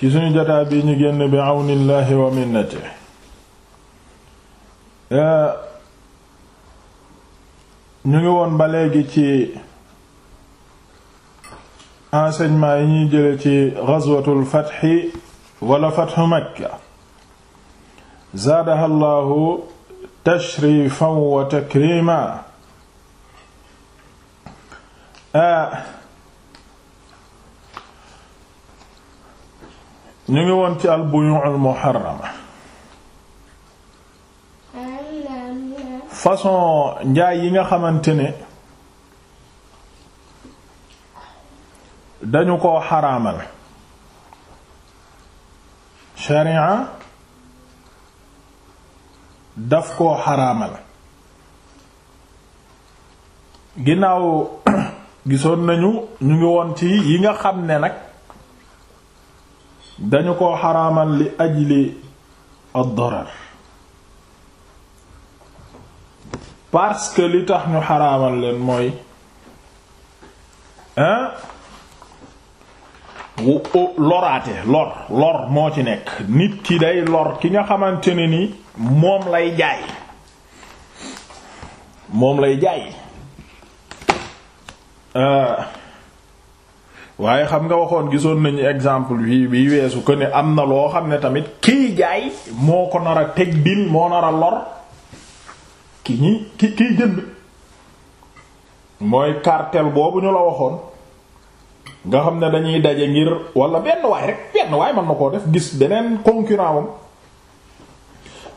ci suñu jotaa bi ñu génn bi àwnillaahi wa minnati ñu ngi woon ba léegi ci enseignement yi ñuy jële ci ghazwatul fathi wala fathu makka zaadaha allahu tashrifan wa takrima ñu ngi woon ci al buyu' al façon njaay yi nga xamante ne dañu koo xaraamal sharia daf koo xaraamal ginnaaw gisoon nañu ñu ngi woon ci yi nga xam ne nag dañu ko xaramal li ajli ad-darar parce li tax ñu xaramal leen mooy hein loraate lor lor moo ci nekk nit ki day lor ki nga xamante ne ni moom lay jaay moom lay jaay euh, waaye xam nga waxoon gisoon nañu exemple bi bi weesu ko ne am na loo xam ne tamit kii jaay moo ko nara a teg din moo nar lor ki ñi ki kiy jënd mooy cartel boobu ñu la waxoon nga xam ne dañuy daje ngir wala benn waay rek benn waay mën na koo def gis beneen concurrent wam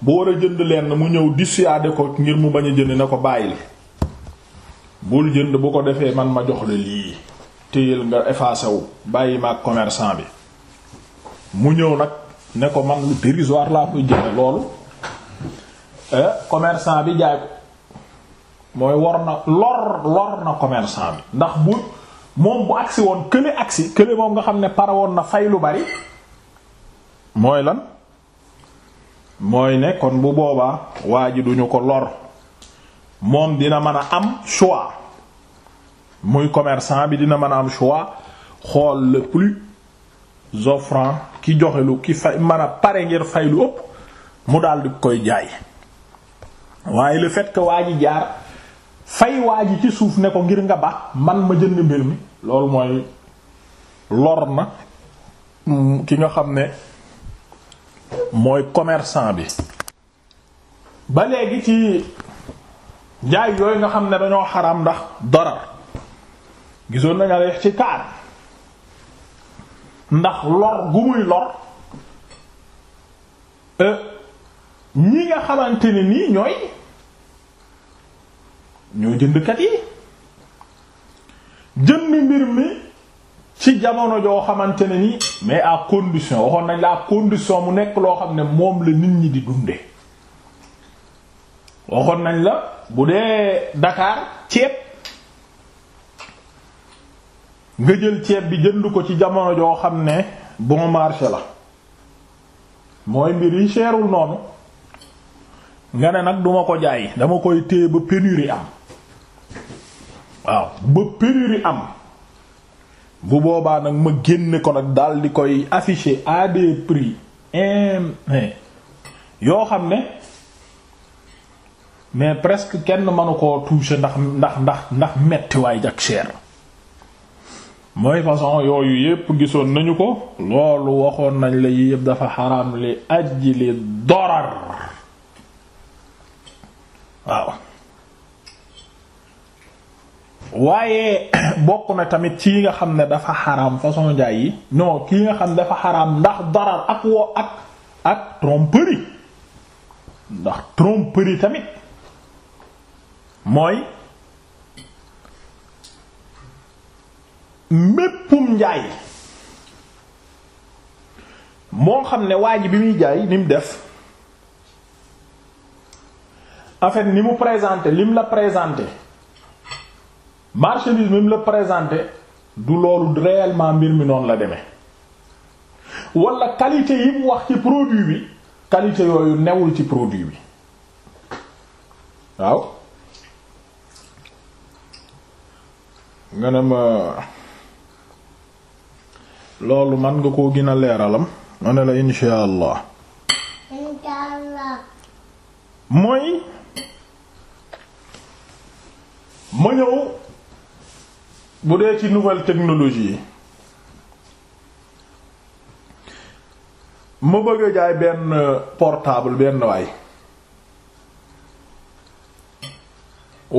bu war a jënd lenn mu ñëw dissuader ko ngir mu bañ a jënd na ko bàyyil bul jënd bu ko defee man ma jox la lii téyel nga effacé wu bàyyi maag commercant bi mu ñëw nag ne ko man lu dérisoire laa koy jëne loolu eh, commerçant bi jaay ko mooy war na lor lor na commerçant bi ndax bu moom bu agsi woon kële agsi kële moom nga xam ne pare woon na fay lu bari mooy lan mooy ne kon bu boobaa waa ji duñu ko lor moom dina mën a am choix muy commerçant bi dina mën a am choix xool le plus offrant ki joxe lu ki fay mën a pare ngir fay lu ëpp mu daal di koy jaay waaye le fait que waa ji jaar fay waa ci suuf ne ko ngir nga baax man ma jënd mbir mi loolu mooy lor na ki nga xam ne mooy commerçant bi ba léegi ci jaay yooyu nga xam ne dañoo xaraam ndax dara gisoon nañ ci ixtikaar ndax lor gu muy lor e, ñi nga xamante ne nii ñooy ñoo jëndkat yi jënd mbir mi ci jamono joo xamante ne nii mais à condition waxoon nañ la à condition mu nekk loo xam ne moom la nit ñi di dunde waxoon nañ la bu dee Dakar ceeb nga jël ceeb bi jënd ko ci jamono joo xam ne bon marché la mooy mbir yi seerul noonu nga ne nag duma ko jaay dama koy téye ba pénurie am waaw ba pénurie am bu boobaa nag ma génne ko nag dal di koy afficher à des prix yoo xam ne mais presque kenn mënu ko toucher ndax ndax ndax ndax mettiwaay jak cher mooy façon yooyu yépp gisoon nañu ko loolu waxoon nañ la yépp dafa xaraam li ajli dorar waaw waaye bokk na tamit ci nga xam ne dafa xaraam façon njaay yi non kii nga xam dafa xaraam ndax dorar ak woo ak ak tromperie ndax tromperie tamit mooy méppum njaay moo xam ne waa bi muy jaay ni mu def en ni mu présenté lim la présenté marchandise mi mu la présenté du loolu réellement mbir mi noonu la deme wala qualité yi mu wax ci produit bi qualité yooyu newul ci produit bi waaw nga ne ma loolu man nga ko gën a leeralam ma ne la insha allah mooy ma ñëw bu dee ci nouvelle technologie ma bëgg jaay benn portable benn waay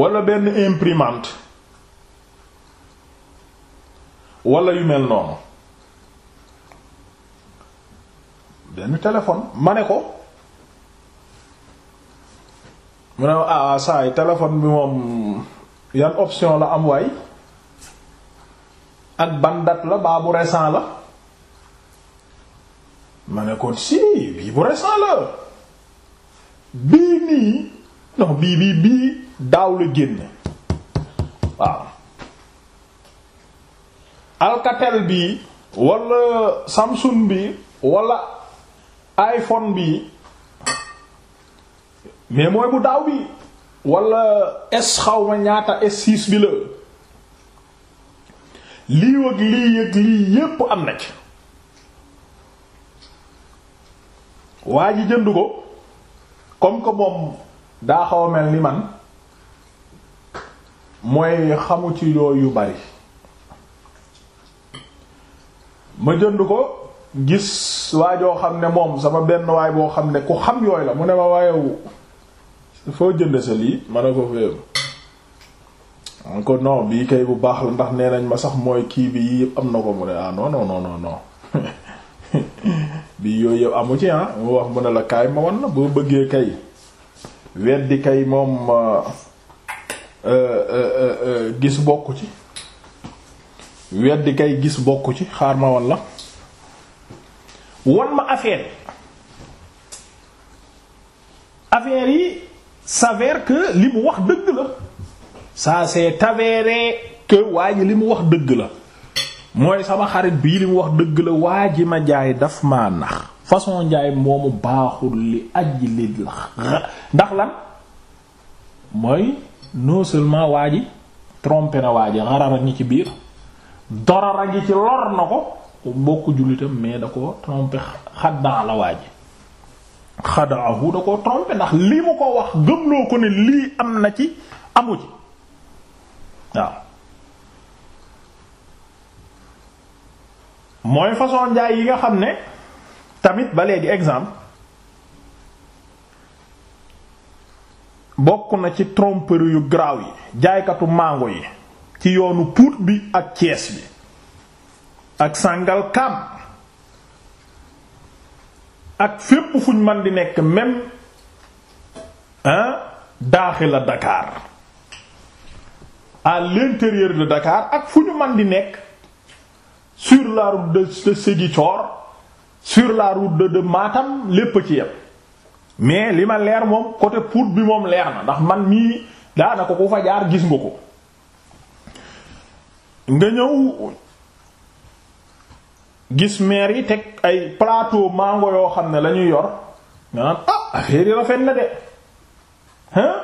wala benn imprimante wala yu mel noonu benn téléphone ma ne ko mu ne ah, ah saa yi téléphone bi moom yan option la am waay ak ban la baa bu récent la ma ne ko si bii bu récent la bii nii non bii bii bii daaw la génn waaw alcatel bi wala samsung bi wala iPhone bi mais mooy bu daaw bi wala S xaw ma ñaata S6 bi la lii ak lii ak lii yépp am na ci waa ji jënd ko comme que moom daa xaw a mel ni man mooy xamu ci yooyu bari ma jënd ko gis waajoo xam ne moom sama benn waay boo xam ne ku xam yooyu la mu ne ma waayewu foo jënd sa lii ma ne ko féew man ko non bii kay bu baax la ndax ne nañ ma sax mooy kii bi yii yëpp am na ko mu ne ah non non non bii yooyu yëpp amu ci ah mu wax mu ne la kaay ma wan la boo bëggee kay weddi kay moom euh, euh, euh, gis bokku ci weddi kay gis bokk ci xaar ma wan la wan ma affaire affaire yi s'avère que li mu wax dëgg la ça s'est avéré que waa ji li mu wax dëgg la mooy sama xarit bii li mu wax dëgg la waa ji ma njaay daf ma nax façon njaay moomu baaxul li ajj li la ndax lan mooy non seulement waa ji trompé na waa ji xarara ngi ci biir dorara ngi ci lor na ko mbokk jullitam mais da ko trompé xaddan la waaji xadaahu da ko trompé ndax li mu ko wax gëmloo ko ne lii am na ci amu ci waaw mooy façon njaay yi nga xam ne tamit ba léegi exemple bokk na ci tromperie yu garaaw yi jaaykatu mango yi ci yoonu puut bi ak Thiès bi ak Sangalkam ak fépp fuñ man di nekk même hein daaxila Dakar à ak fu ñu man di nekk sur la route de Ziguinchor sur la route de de Matam lépp ci yem mais li ma leer moom côté Pout bi moom leer na ndax man mii daanaka ku fa jaar gis nga ko nga ñëw gis meer yi teg ay palaato mango yoo xam ne lañuy yor nga naan ah affaire rafet na de hein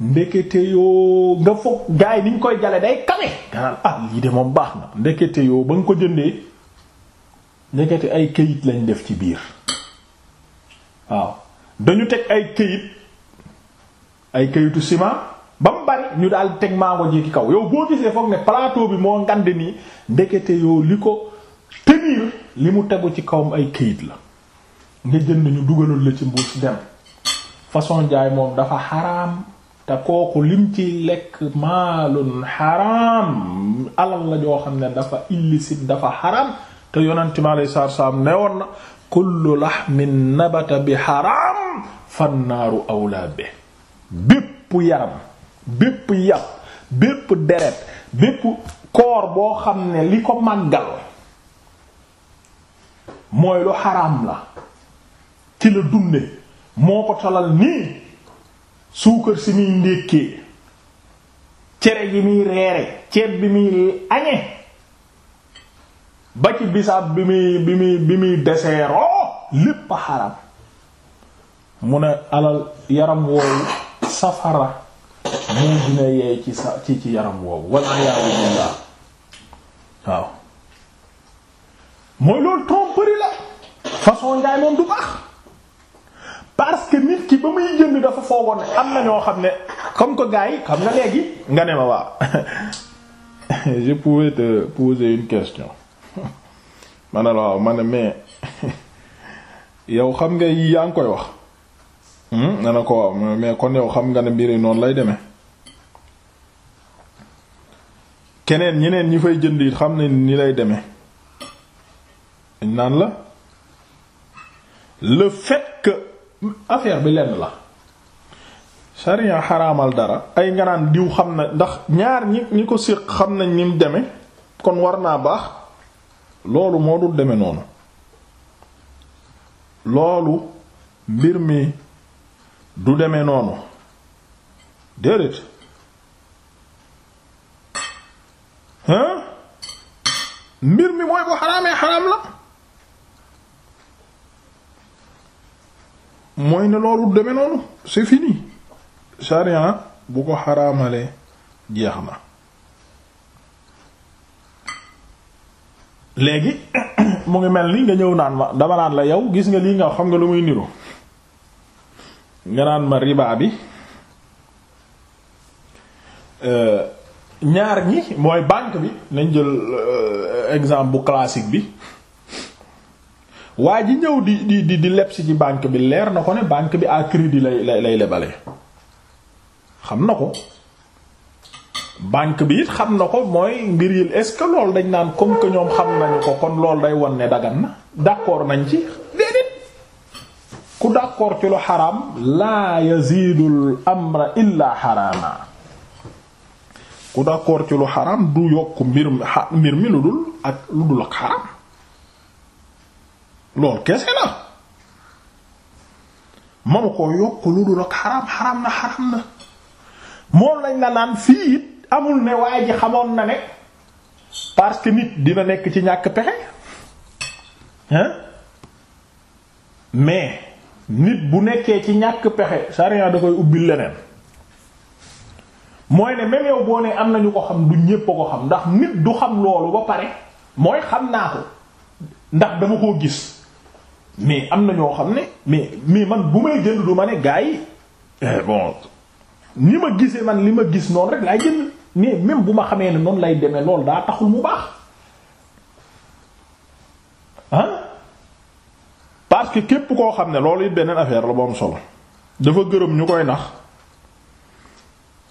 ndekete yoo nga foog gaay niñ koy jale day kame nga naan ah lii de moom baax na ndekete yoo ba nga ko jëndee ndekete ay këyit lañ def ci biir waaw dañu teg ay këyit ay këyitu sima ba mu bari ñu daal teg mango ji ci kaw yow boo gisee foog ne plateau bi moo ngand nii ndekete yoo li ko tenir li mu tegu ci kawam ay këyit la nga jënd ñu dugalul la ci mbuus dem façon jaay moom dafa xaraam te kooku lim ci lekk maalun xaraam alal la joo xam ne dafa illicite dafa xaraam te yonent mi alayhi salaatu salaam ne woon na kullu lahmin nabata bi xaram fannaaru awlaa be bépp yaram bépp yàpp bépp deret bépp koor boo xam ne li ko màggal mooy lu xaraam la ci la dunde moo ko talal nii suukar si muy ndékkee cere ji muy reere ceeb bi muy añe ba ci bisaab bi muy bi muy bi deseeroo lépp a mu ne alal yaram woowu safara moo dina yeey ci sa ci ci yaram woowu walla iyaazu billaah waaw mooy loolu tromperie la façon njaay moom du baax parce que nit ki ba muy jënd dafa foogoon ne am na ñoo xam ne comme ko gaa yi xam nga léegi nga ne ma waaw je pouvais te poser une question ma yow xam nga yi yaa ngi koy wax hmm? nga ne ko waaw mais kon yow xam nga ne mbiri noonu lay deme keneen ñeneen ñi fay jënd it xam ne ni lay demee dañ naan la le fait que bi lenn la sariya xaramal dara ay nga naan diw xam na ndax ñaar ñi ñi ko séq xam nañ ni deme kon war naa baax loolu moo dul deme noonu loolu mbir mi du deme noonu déedéet hein mbir mi mooy bu xaraamee xaraam la mooy ne loolu deme noonu c'est fini sharia bu ko xaraamalee jeex na léegi mu ngi mel ni nga ñëw naan ma dama naan la yow gis nga lii nga xam nga lu muy niru nga naan ma riba bi euh, ñaar ñi mooy banque bi nañ jël euh, exemple bu classique bi waa ji ñëw di di di leb si ci banque bi leer na ko ne banque bi à crédit lay lay lay lebale xam na ko banque bi it xam na ko mooy mbir yi est-ce que loolu dañ naan comme que ñoom xam nañu ko kon lool day wan ne dagan na d'accord nañ ci déedéet ku d'accord ci lu xaraam laa yazidul amra illa xaraama ku d'accord ci lu xaraam du yokk mbir mi mbir mi lu dul ak lu dul ak xaraam loolu kese la manu koo yokk lu dul ak xaram xaram na xaram na moom lañ la naan fii it amul ne waaye ji xamoon na ne parce que nit dina nekk ci ñàkk pexe hein mais nit bu nekkee ci ñàkk pexe sariya da koy ubbil leneen mooy ne même yow boo ne am nañu ko xam du ñépp a ko xam ndax nit du xam loolu ba pare mooy xam naa ko ndax dama koo gis mais am na ñoo xam ne mais mais man bu may jënd du ma ne gars yi eh, bon ni ma gisee man li ma gis noonu rek laay jënd mais même bu ma xamee ne noonu lay demee loolu daa taxul mu baax ah képp koo xam ne loolu it beneen affaire la bu am solo dafa gërëm ñu koy nax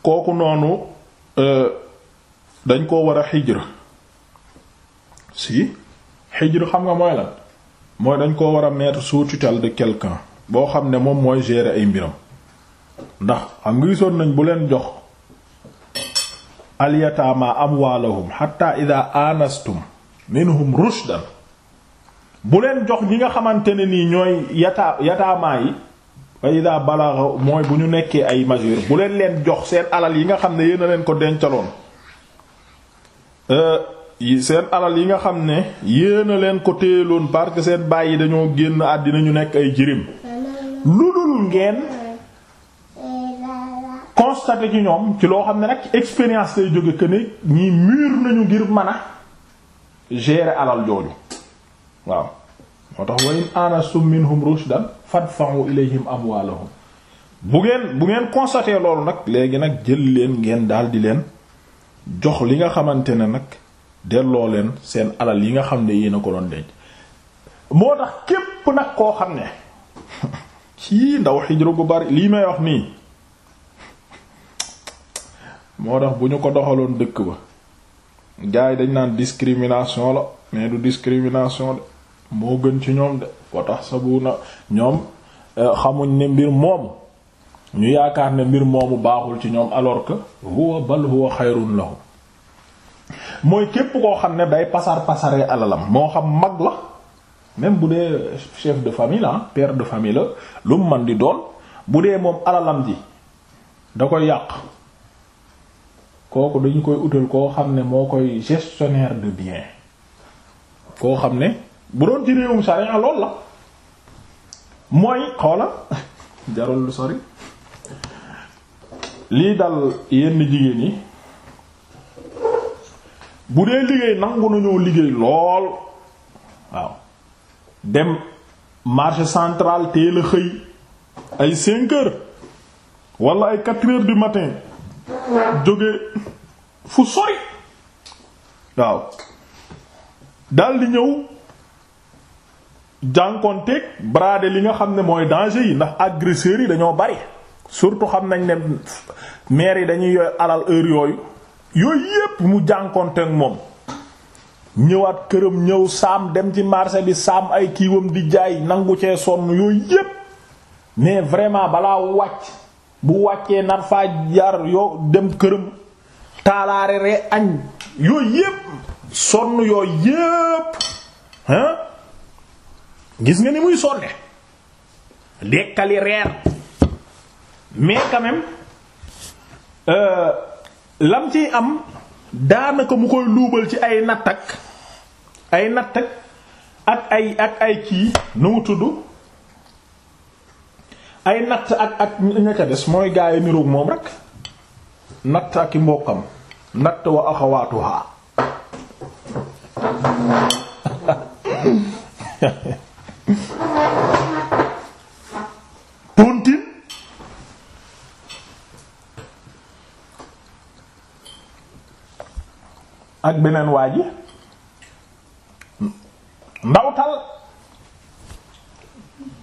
kooku noonu euh, dañ koo war a xijr si xijr xam nga mooy la mooy dañ ko war a mettre sous tutelle de quelqu'un boo xam ne moom mooy gérer ay mbiram ndax xam nga gisoon nañ bu leen jox alyataama amwaalahum hatta idha anastum minhum rushdan bu leen jox ñi nga xamante ne nii ñooy yata yataamaa yi fa idha balagha mooy bu ñu nekkee ay majeur bu leen leen jox seen alal yi nga xam ne yéen a leen ko dencaloon euh, seen alal yi nga xam ne yéen a leen ko téyeloon parce que seen bàyyi dañoo génn àddina ñu nekk ay jirim lu dul ngeen constaté ci ñoom ci loo xam ne nag expérience lay jóge que ne ñi mûr nañu ngir mën a gérer alal jooju waaw moo tax wa in anastum minhum fat fadfa'u ilayhim amwalahum bu ngeen bu ngeen constaté loolu nag léegi nag jël leen ngeen daal di leen jox li nga xamante ne nag delloo leen seen alal yi nga xam ne yéen a ko doon denc moo tax képp nag koo xam ne ci ndaw xijru bu bari lii may wax nii moo tax bu ñu ko doxaloon dëkk ba gars yi dañ naan discrimination la mais du discrimination de moo gën ci ñoom de wa tax sabu na ñoom euh, xamuñ ne mbir moomu ñu yaakaar ne mbir moomu baaxul ci ñoom alors que huwa bal huwa xayrun lahum mooy képp koo xam ne day pasar pasaree alalam moo xam mag la même bu dee chef de famille la père de famille lu mu man di doon bu dee moom alalam ji da koy yàq kooku dañu koy utal koo xam ne moo koy gestionnaire de bien koo xam ne bu doon ci réewum sharia lool la mooy xoola jarul lu sori lii dal yenn jigéen yi bu dee liggéey nangu nañoo liggéey lool waaw dem marché central teel a xëy ay cinq heures wala ay quatre heures du matin jóge fu sori waaw daldi ñëw jànkonteeg brader li nga xam ne mooy danger yi ndax agresseurs yi dañoo bari surtout xam nañ ne maire yi dañuy alal heure yooyu. yooyu yépp mu jànkonteeg moom ñëwaat këram ñëw saam dem ci marché bi saam ay kiiwam di jaay nangu cee sonn yooyu yépp mais vraiment balaa wàcc bu wàccee nar faa jar yoo dem këram taalaare ree añ yooyu yépp sonn yooyu yépp hein gis nga ni muy sonne dekkali reer mais quand euh, lam ciy am daanaka mu koy luubal ci ay nattak ay nattak ak ak ay kii nu mu tudd ay natt ak ak ña ca des mooy gaay niroog moom rek natt ak i mbokkam natt wa axawaatuha ak beneen waa ji ndawtal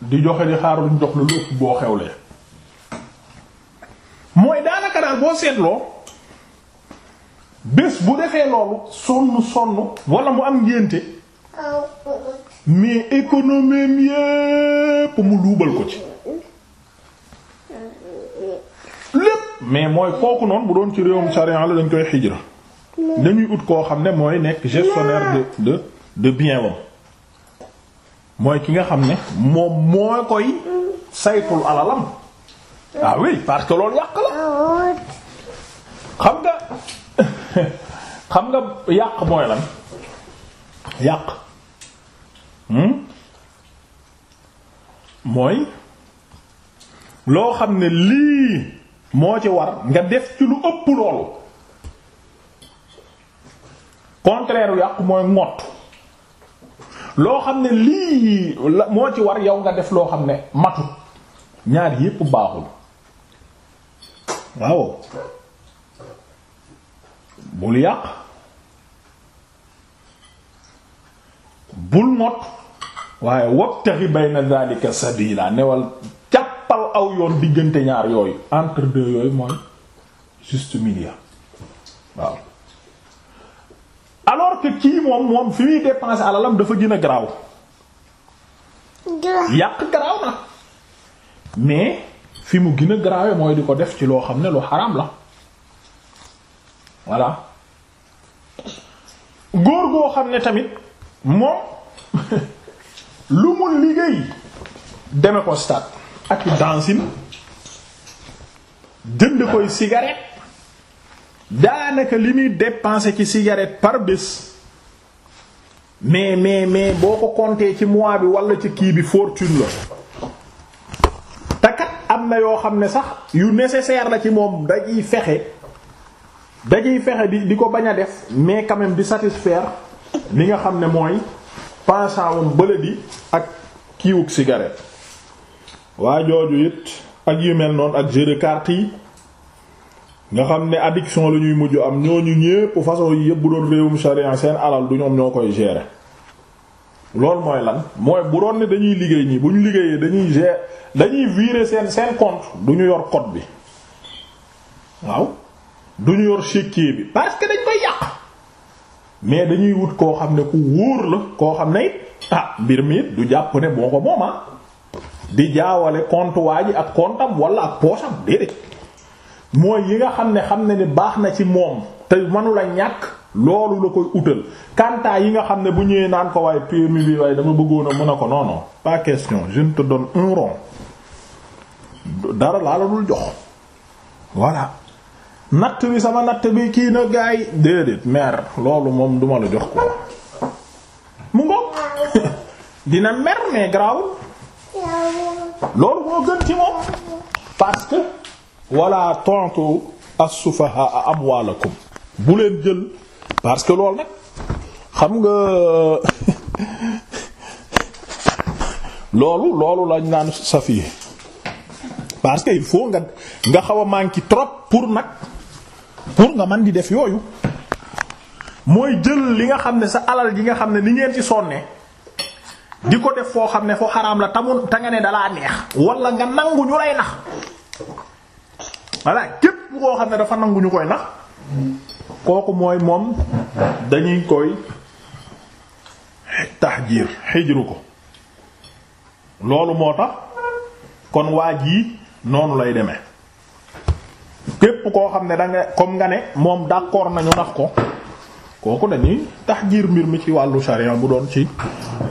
di joxe di xaar luñ jox lu lépp boo xewlee mooy daanaka daal boo seetloo bés bu defee loolu sonn sonn wala mu am ngénte mais économie yépp mu luubal ko ci lépp mais mooy kooku noonu bu doon ci réewum sariya la dañ koy xijra dañuy ut koo xam ne mooy nekk gestionnaire de de de mooy ki nga xam ne moom moo koy saytul alalam mm. ah oui parce que loolu yàq la ah, xam nga xam nga yàq mooy yàq hmm? mooy loo xam ne lii moo ci war nga def ci lu ëpp loolu contraire yàqu mooy ngott loo xam ne lii moo ci war yow nga def loo xam ne matut ñaar yépp baaxul waaw bul yàq bul ngott waaye wabtaxi bayna dhalika laa newal jàppal aw yoon diggante ñaar yooyu entre deux yooyu mooy juste milieu waaw alors kii moom moom fi muy dépenser alalam dafa gën graaw garaaw yàq garaaw na mais fi mu gën a mooy di ko def ci loo xam ne lu xaraam la voilà góor goo xam ne tamit moom lu mu liggéey deme ko stade ak dancing jënd koy cigarette daanaka li muy dépenser ci cigarette par bés mais mais mais boo ko compter ci mois bi walla ci kii bi fortune la te am na yoo xam ne sax yu nécessaire la ci moom dañuy fexe dañuy fexe di di ko bañ a def mais quand même di satisfaire li nga xam ne mooy penchant wam bëladi ak kiiwug cigarette waa jooju it ak yu mel noonu ak jeu de yi nga xam ne addiction la ñuy mujj am ñu ñépp façon yi yépp bu doon réewum sharia seen alal du ñoom ñoo koy gérer loolu mooy lan mooy bu doon ne dañuy liggéey ñi bu ñu liggéeyee dañuy gérer dañuy virer seen seen compte du ñu yor code bi waaw du ñu yor chéquier bi parce que dañ koy yàq mais dañuy wut koo xam ne ku wóor la koo xam ne it ah mbir mi du jàpp ne boo ko mooma ah di jaawale compte waa yi ak compte am wala ak poche am déedéet mooy yi nga xam ne xam ne ni baax na ci moom te manula ñàkk loolu la koy utal kantaa yi nga xam ne bu ñëwee naan ko waaye PMI bi waaye dama bëggoon a mën a ko noonu non pas question je ne te donne un dara laa la dul jox voilà natt bi sama natt bi kii na gaay déedéet mer loolu moom duma la jox ko mu ngoog dina mer mais garaawul loolu moo gën ci moom parce wala tontu as-sufaha amwaalakum bu leen jël parce que lool nag xam nga loolu loolu lañ naan safi parce que il faut nga nga xaw a manqué trop pour nag pour nga man di def yooyu mooy jël li nga xam ne sa alal ji nga xam ne ni ngeen ci sonne di ko def foo xam ne foo xaraam la tamun ta nga ne dalaa neex wala nga nangu ñu lay nax voilà képp koo xam ne dafa nangu ñu koy nax kooku mooy moom dañuy koy tahjir xijru ko loolu moo tax kon waa yi noonu lay deme képp koo xam ne da nga comme nga ne moom d'accord nañu nax ko kooku tax tahjir mbir mi ci wàllu sharia bu doon ci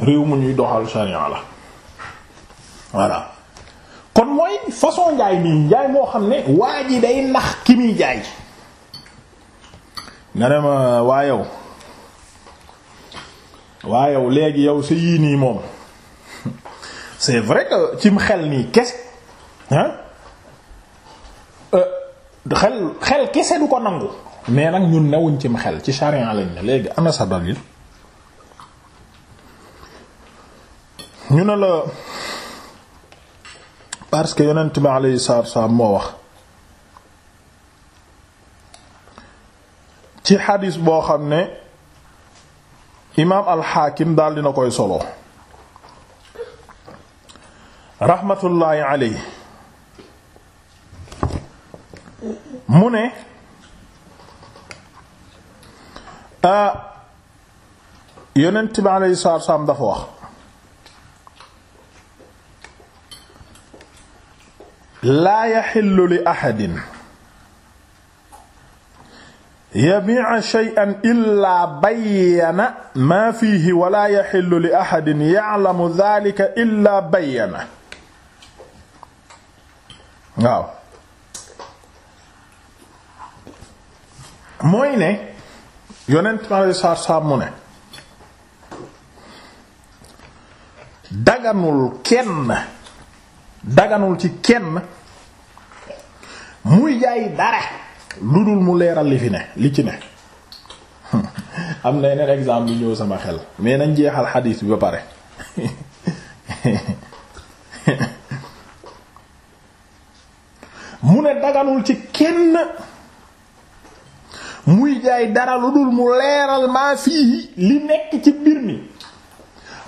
réew mu ñuy doxal sharia la voilà kon mooy façon njaay nii njaay moo xam ne waa ji day nax ki muy jaay nga ne ma waa yow waa yow léegi yow sa yii nii moom c'est vrai que cim xel nii kese hein euh, xel xel kese du ko nangu mais nag ñun newuñ cim xel ci sharia lañ ne léegi ana sa dalil ñu ne la parce que yonent bi alayhi moo wax ci xadis boo xam ne imaam alxaakim daal dina koy solo raxmatullaahi alayhi mu ne ah, yonent bi alayhi salaatu wassalaam dafa wax laa yaxillu li axadin yabi'a shay'an illaa bayyana maa fiihi wa laa yaxillu li axadin ya'lamu dhaalika illaa bayyana waaw mooy ne yonent ma lay saar saar mu daganul ci kenn muy jaay dara lu dul mu leeral li li ci ne am na yeneen exemple sama xel mais nañ jeexal xadiis bi pare mu ne daganul ci kenn muy jaay dara lu dul mu maa fii li nekk ci mbir mi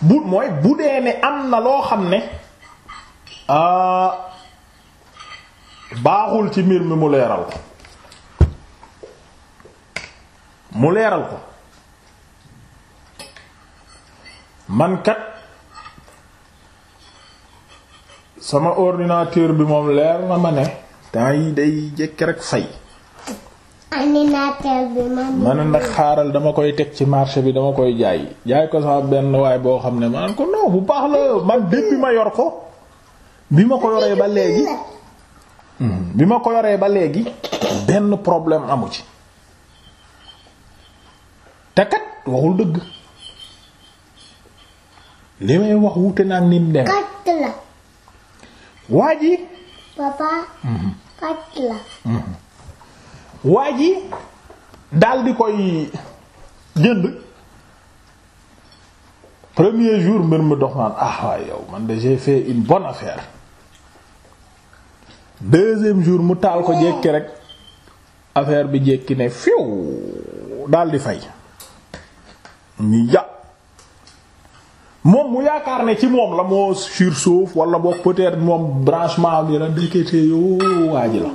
bu mooy bu dee ne am na loo xam ne Ah, baaxul ci mbir mi mu leeral ko mu leeral ko man sama ordinateur bi moom leer na ma ne temps yi day jëkk rek fay ordinateur bi nag xaaral dama koy teg ci marché bi dama koy jaay jaay ko sama benn waay boo xam ne ma ko non bu baax la man débbi ma yor ko bi ma ko yoree ba léegi bi ma ko yoree ba léegi benn problème amu ci te kat waxul dëgg li may wax wuute naa ni mu dem waa ji papa kat la waa ji dal di koy jënd premier jour mbir mi dox naan ah waaye man de j'ai fait une bonne affaire deuxième jour mu taal ko jékki rek affaire bi jékki ne fiw daldi fay ñu ja moom mu yaakaar ne ci moom la moo sur suuf wala boo peut-être moom branchement bi la ndekete yoo waa la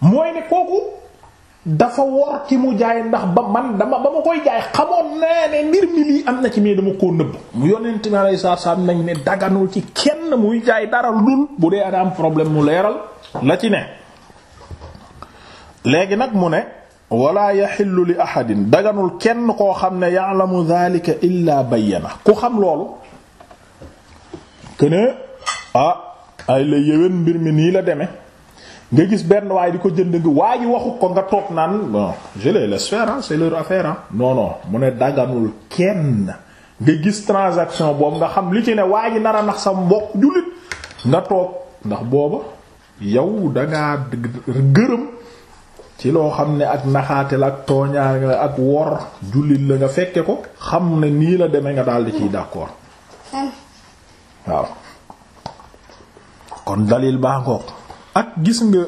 mooy ne kooku dafa wor ci mu jaay ndax ba man dama ba ma koy jaay xamoon naa ne mbir mi lii am na ci mais dama koo nëbb mu yonent mi alayhi salaam nañ ne daganul ci kenn muy jaay dara dul bu dee am problème mu leeral la ci ne léegi nag mu ne wala yaxillu li ahadin daganul kenn koo xam ne ya'lamu dhalika illa bayyana ku xam loolu kene ah ay la yéwén mbir mi nii la demee nga gis benn waaye di ko jënd ngi waa ji waxu ko nga toog naan bon je les laisse faire c'est leur affaire ah non mu ne daganul kenn nga gis transaction boobu nga xam li ci ne waa ji nara nax sa mbokk jullit nga toog ndax booba yow dangaa gërëm ci loo xam ne ak naxaate la ak tooñaa ak wor jullit la nga fekke ko xam ne nii la demee nga daal di ciy d'accord hmm. waaw kon dalil baa ngoog ak gis nga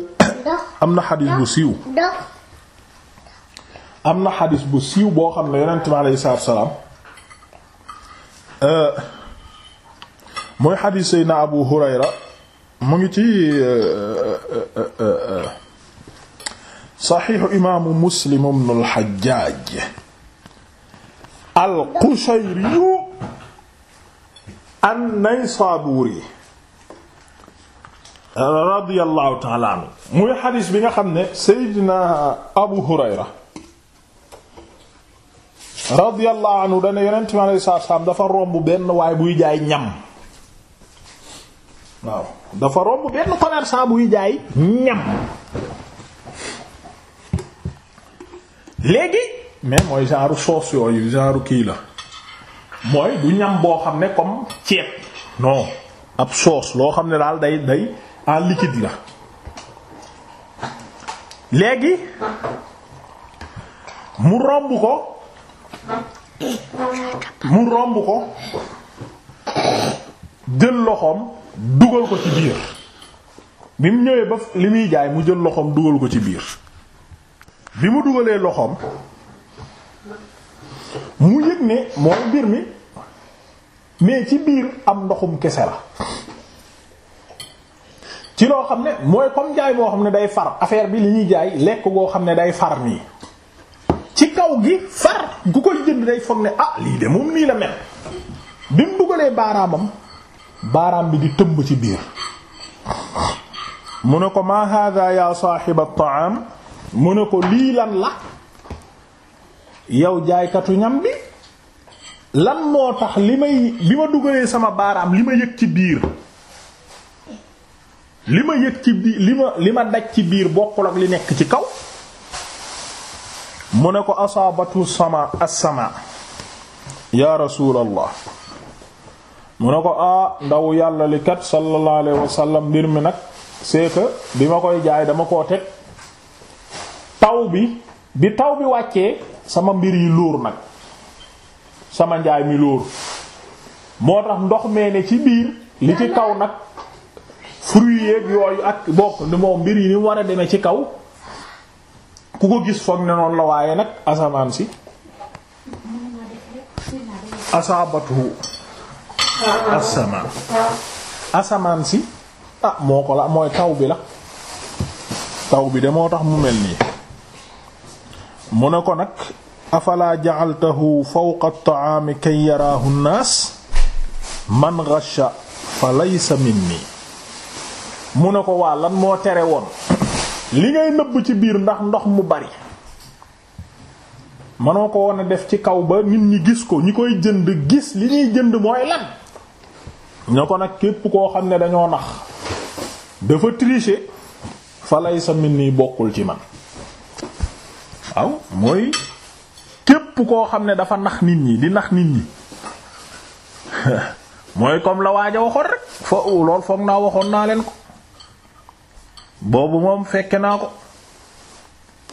am na xadis bu siiw am na xadis bu siiw boo xam ne yonent bi aleyhi salaatu salaam euh, mooy xadis Seydina Abu Hurayra mu ngi ci euh, euh, saxiixu imaamu Muslim ibnu al-Hajjaaj al-Qushayri an radiyallahu ta'ala anhu muy xadis bi nga xam ne Seydina Abu Hurayra radiyallahu anhu dana yonent mi alayhi salaatu salaam dafa romb benn waay buy jaay ñam waaw dafa romb benn commerçant buy jaay ñam léegi mais mooy genre soos yooyu genre kii la mooy du ñam boo xam ne comme ceeb non ab soos loo xam ne daal day day en la léegi mu romb ko mu romb ko jël loxoom dugal ko ci biir bi mu ñëwee ba li muy jaay mu jël loxoom dugal ko ci biir bi mu dugalee loxoom mu yëg ne mooy mbir mi mais ci biir am ndoxum kese la ci loo xam ne mooy comme jaay moo xam ne day far affaire bi li ñuy jaay lekk goo xam ne day far nii ci kaw gi far gu koy jënd day foog ne ah lii de moom nii la mel bi mu dugalee baaraamam baaraam bi di tëmb ci biir mu ne ko ma hada ya saaxiba taam mu ne ko lii lan la yow jaaykatu ñam bi lan moo tax li may bi ma dugalee sama baaraam li ma yëg ci biir li ma yëg ci biir li ma li ma daj ci biir bokkul ak li nekk ci kaw mu ne ko asaabatu sama as-sama ya rasulallah mu ne ko a ah, ndaw yàlla li kat sallallahu alayhi mbir mi nag c'est bi ma koy jaay dama koo teg taw bi bi taw bi wàccee sama mbir yi lóor nag sama njaay mi lóor moo tax ndox mee ne ci biir li ci kaw nag fruits yeeg yooyu ak bokk ni moom mbir yi ni war a deme ci kaw ku ko gis foog ne noonu la waaye nag asamaan si asaabatu asamaan asamaan si ah moo ko la mooy taw bi la taw bi de moo tax mu mel nii mu ne ko nag afalaa ja'altahu fawqa at-ta'ami kay yaraahu naas man ghasha fa laysa minni mu ne ko waa lan moo tere woon li ngay nëbb ci biir ndax ndox mu bari manoo ko woon a def ci kaw ba nit ñi gis ko ñi koy jënd gis li ñuy jënd mooy lan ñoo ko nag képp koo xam ne dañoo dafa tricher falay sa min bokkul ci man mooy képp koo xam ne dafa nax nit ñi di nax nit ñi mooy comme la waaja waxoon rek fo lool foog naa waxoon naa leen ko boobu moom fekke naa ko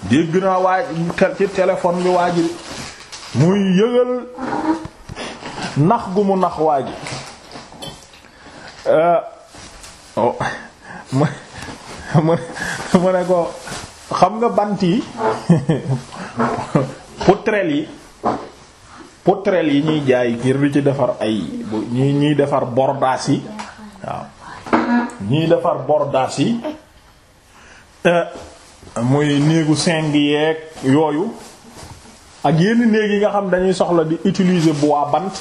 dégg naa waaj ci téléphone bi waa ji muy yëgal nax gu mu nax waa ji euh, oh, mu ne ko xam nga bant yi poutrelle yi poutrelle yi ñuy jaay ngir bi ci defar ay ñuy defar bordaas yi waaw ñuy defar bordaas yi muy néegu seng yeeg yooyu ak yenn néeg yi nga xam dañuy soxla di utiliser bois bant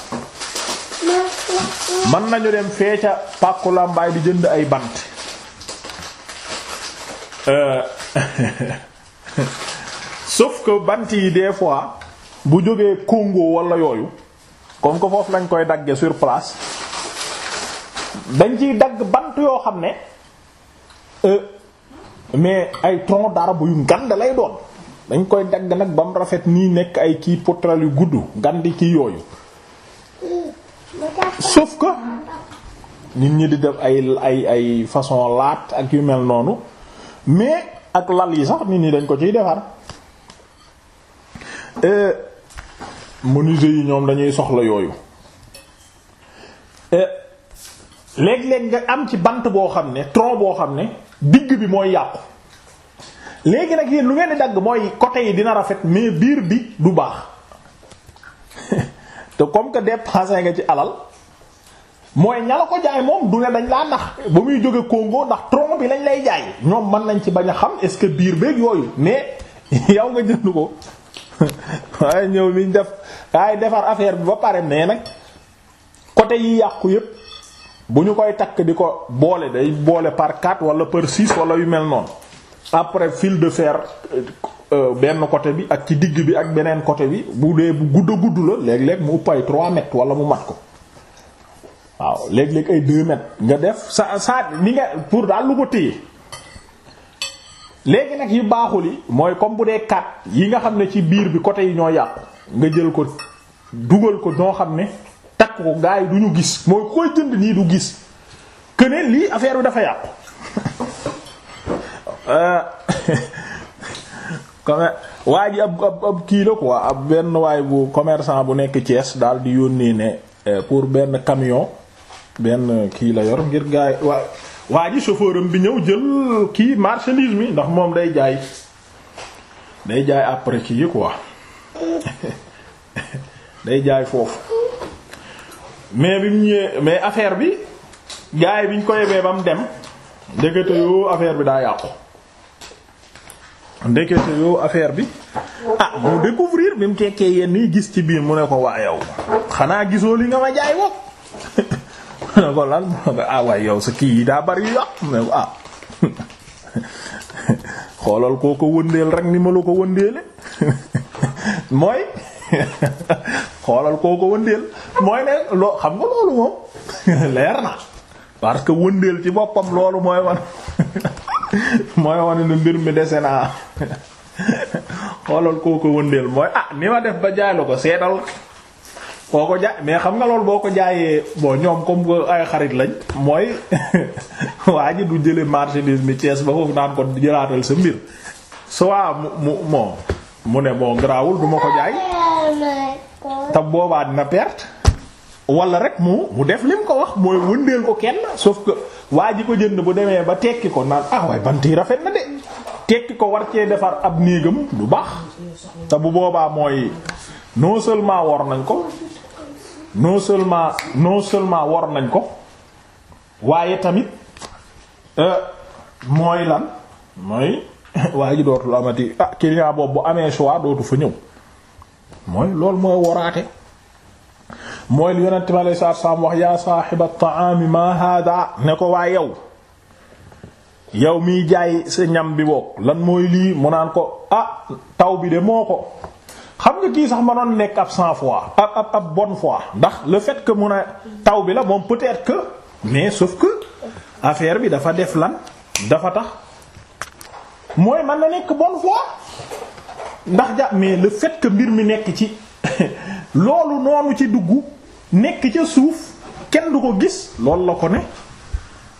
mën nañu dem feeca pàkku làmbaay di jënd ay bant euh, sauf que bant yi des fois bu jógee Congo walla yooyu comme que foofu lañ koy dagge sur place dañ ciy dagg bant yoo xam ne euh, mais ay tronc d'arbre yu ngand lay doon dañ koy dagg nag ba mu rafet nii nekk ay kii potral yu gudd ngandi kii yooyu sauf que nit ñi di def ay ay façon laat ak yu mel noonu mais ak lal yi sax nit ñi dañ ko ciy defar euh, menuisier yi ñoom dañuy soxla yooyu euh, léeg-léeg nga am ci bant boo xam ne tronc boo xam ne digg bi mooy yàqu léegi nag yéen lu ngeen di dagg mooy côté yi dina rafet mais biir bi du baax te comme que dépensé nga ci alal mooy ña la ko jaay moom du ne dañ laa nax ba muy jóge Congo ndax tronc bi lañ lay jaay ñoom mën nañ ci bañ a xam est-ce que biir beeg yooyu mais yow nga jënd ko waaye ñëw miñ def waaye defar affaire bi ba pare mais nag côté yi yàqu yépp bu ñu koy takk di ko boole day boole par 4 wala par 6 wala yu mel noonu après fil de fer euh, benn côté bi ak ci digg bi ak beneen côté bi bu dee bu gudd a gudd la léeg-léeg mu upp wala mu mat ko waaw léeg-léeg ay 2 mètres def sa sa ni pour daal lu ko téye léegi nag yu baaxul yi mooy comme bu dee 4 yi nga xam ne ci biir bi côté yi ñoo yàqu nga jël ko dugal ko ñoo xam ne. takk ko gars yi du gis mooy ku koy jënd nii du gis que lii affaire bi dafa yàqu. Euh, comme waa ji ab ab ab kii la quoi ab benn waay bu commerçant bu nekk Thiès daal di yónnee ne euh, pour benn camion benn kii la yor ngir gars waa waa ji chauffeur bi ñëw jël kii marchandise mi ndax moom day jaay day jaay après kii yi quoi day jaay foofu. mais bi mu mais affaire bi gars yi bi ñu ko yebee ba mu dem ndekete yoo affaire bi daa yàqu ndekete yoo affaire bi ah mu découvrir bi mu tekkee yenn yi gis ci biir mu ne ko waa yow xanaa gisoo li nga ma ah, yow sa kii yi daa bari yu mu ne ko ah xoolal koo ko wëndeel rek ni ma la ko wëndeele mooy xoolal koo ko wëndeel mooy ne loo xam nga loolu moom leer na parce que wëndeel ci boppam loolu mooy wan mooy wan ne mbir mi dese naa xoolal koo ko wëndeel mooy ah ni ma def ba jaay ko seetal koo ko jaay mais xam nga loolu boo ko jaayee bon ñoom comme ay xarit lañ mooy waa ji du jële marchandise mi Thiès ba foofu naan ko jëlaatal sa mbir soit mu mu mu ne bon garaawul du ma ko jaay te boobaa dina perte wala rek mu mu def lim ko wax mooy wëndeel ko kenn sauf que waa ji ko jënd bu demee ba tekki ko naan ah waay bant yi rafet na de tekki ko war cee defar ab néegam du baax te bu boobaa mooy non seulement wor nañ ko non seulement non seulement wor nañ ko waaye tamit euh, mooy lan mooy waa ji dootul amati ah client boobu bu amee choix dootu fa ñëw. mooy loolu mooy woraate mooy li yonent bi alayhi salaatu salaam wax yaa saaxiba taami ma hada ne ko waa yow yow mi jaay sa ñam bi boog lan mooy lii mu naan ko ah taw bi de moo ko xam nga kii sax ma doon nekk ab cent fois ab ab ab bonne fois ndax le fait que mun a taw bi la moom peut-être que mais sauf que affaire bi dafa def lan dafa tax mooy man na nekk bonne fois ndax ja mais le fait mbir mi nekk ci loolu noonu ci dugg nekk ca suuf kenn du ko gis loolu la ko ne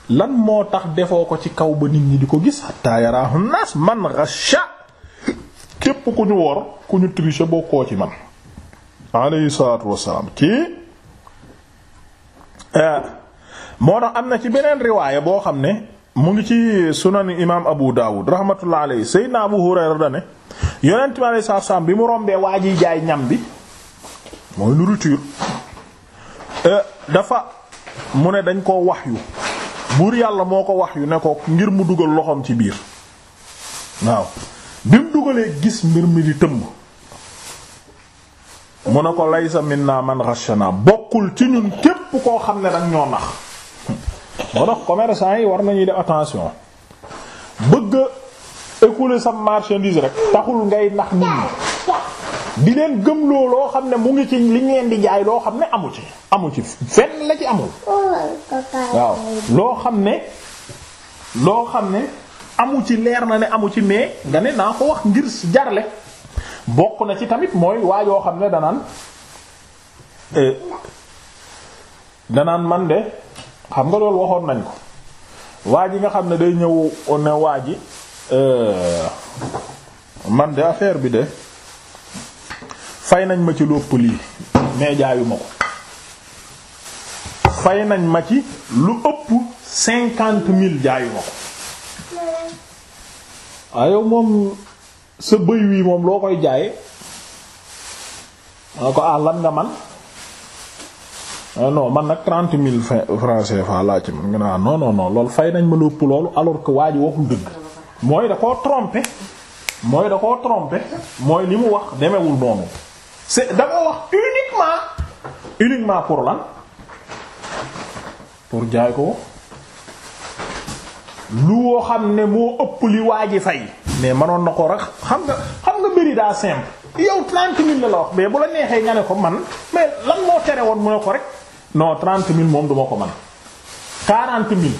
lan moo tax defoo ko ci kaw ba nit ñi di ko gis hatta yaraahu naas man ghasha képp ku ñu wor ku ñu tricher boo koo ci man alayhi salaatu wassalaam ci eh, moo tax am na ci beneen riwaaya boo xam ne mu ngi ci sunan imaam Abu Dawud rahmatullah alayhi Seydina Abu Hurayra da ne yonent bi alayhi salaatu salaam bi mu rombee waa jaay ñam bi mooy nourriture euh, dafa mu ne dañ koo wax yu buur yàlla moo ko wax yu ne ko ngir mu dugal loxoom ci biir waaw bi mu dugalee gis mbir mi di tëmb mu ne ko laysa minna man ghashana bokkul ci ñun képp koo xam ne dañ ñoo nax moo tax commerçant yi war nañu def attention bëgg a écouler sa marchandise rek taxul ngay nax nit ñi di leen gëmloo loo xam ne mu ngi ci li ñu leen di jaay loo xam ne amu ci amu ci fenn la ci amul waaw loo xam ne loo xam ne amu ci leer na ne amu ci mais nga ne naa ko wax ngir jarle bokk na ci tamit mooy waa yoo xam ne danaan eh, danaan man de xam nga loolu waxoon nañ ko waa ji nga xam ne day ñëw ne waa ji euh, man de affaire bi de fay nañ ma ci lopp lii mais jaayu ma ko fay nañ ma ci lu ëpp cinquante mille jaayu ma ko ayow ah, moom sa bëy wii moom loo koy jaay nga ko ah lan nga man Euh, non man nag trente mille francs CFA laa ci man nga naa non non non loolu fay nañ ma lépp loolu alors que waa ji waxul dëgg mooy da koo trompé mooy da koo trompé mooy li mu wax demewul noonu c'est da wax uniquement uniquement pour lan pour jaay ko lu woo xam ne moo ëpp li waa ji fay mais manoon na ko rek xam nga xam nga mbiri daa simple yow trente mille la la wax mais bu la neexee nga ne ko man mais lan moo tere woon mu ne ko rek non trente mille moom duma ko mën quarante mille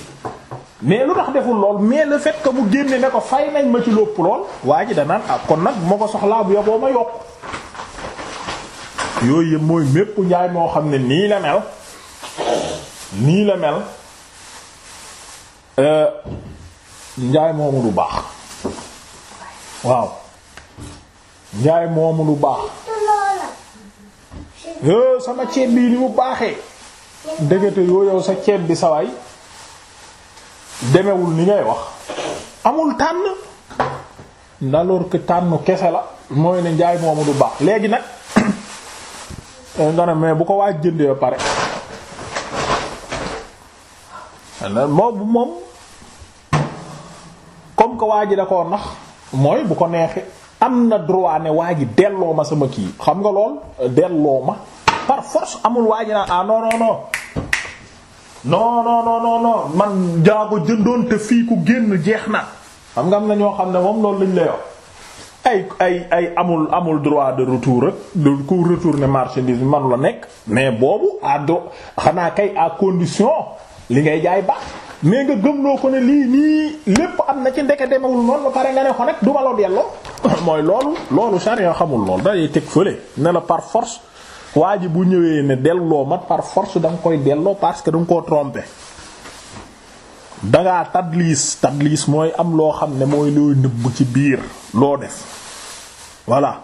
mais lu tax deful lool mais le fait bu mu génne ne ko fay nañ ma ci lopp lool waa ji danaan ah kon nag bu ma ko soxlaa bu yoboo ma yokk yooyu yëpp mooy mépp njaay moo xam ne nii la mel nii la mel euh, njaay moomu lu baax waaw njaay moomu lu euh, sama ceeb bii ni mu baaxee ndegete yoo yow sa ceeb bi sawaay demewul ni ngay wax amul tànn alors que tànnu kese la mooy ne njaay moomu du baax léegi nag eh, nga ne bu ko waaj jëndee ba pare moom moom comme que waa ji da koo nax mooy bu ko neexee am na droit ne waa ji delloo ma sama kii xam nga lool delloo ma par force amul waa naa ah non non non non man jaago jëndoon te fii ku génn jeex na xam nga am na ñoo xam ne moom loolu lañ la wax ay ay ay amul amul droit de retour rek de ku retourner marchandise bi man la nekk mais boobu à do xanaa kay à condition li ngay jaay baax mais nga loo ko ne lii nii lépp am na ci ndeke demewul noonu ba pare nga ne ko nag du ma la delloo mooy loolu loolu yoo xamul lool day teg fële ne la par force waa ji bu ñëwee ne delloo mat par force da koy delloo parce que danga koo trompé danga tadliis tadliis mooy am loo xam ne mooy looy nëbb ci biir loo def voilà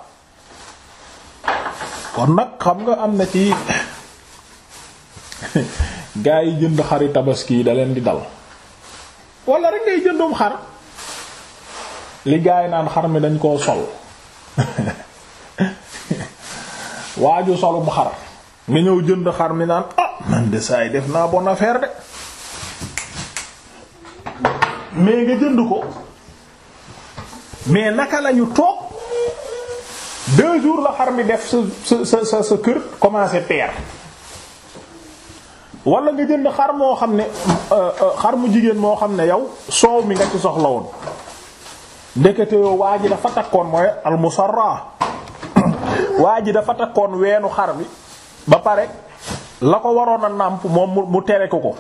kon nag xam nga am na ci gaa yi jënd xari tabaski yi da leen di dal wala rek ngay jëndum xar li gaa yi naan xar mi dañ koo sol waaju solum xar nga ñëw jënd xar mi naan ah man de saa yi def naa bonne affaire de mais nga jënd ko mais naka lañu toog deux jours la xar mi def sa sa sa sa kër commencé peer wala nga jënd xar moo xam ne euh, euh, xar mu jigéen moo xam ne yow soow mi nga ci soxla woon ndekete yoo waa ji dafa takkoon mooy almusarra waa ji dafa takkoon weenu xar bi ba pare la ko waroon a nàmp moom mu tere ko ko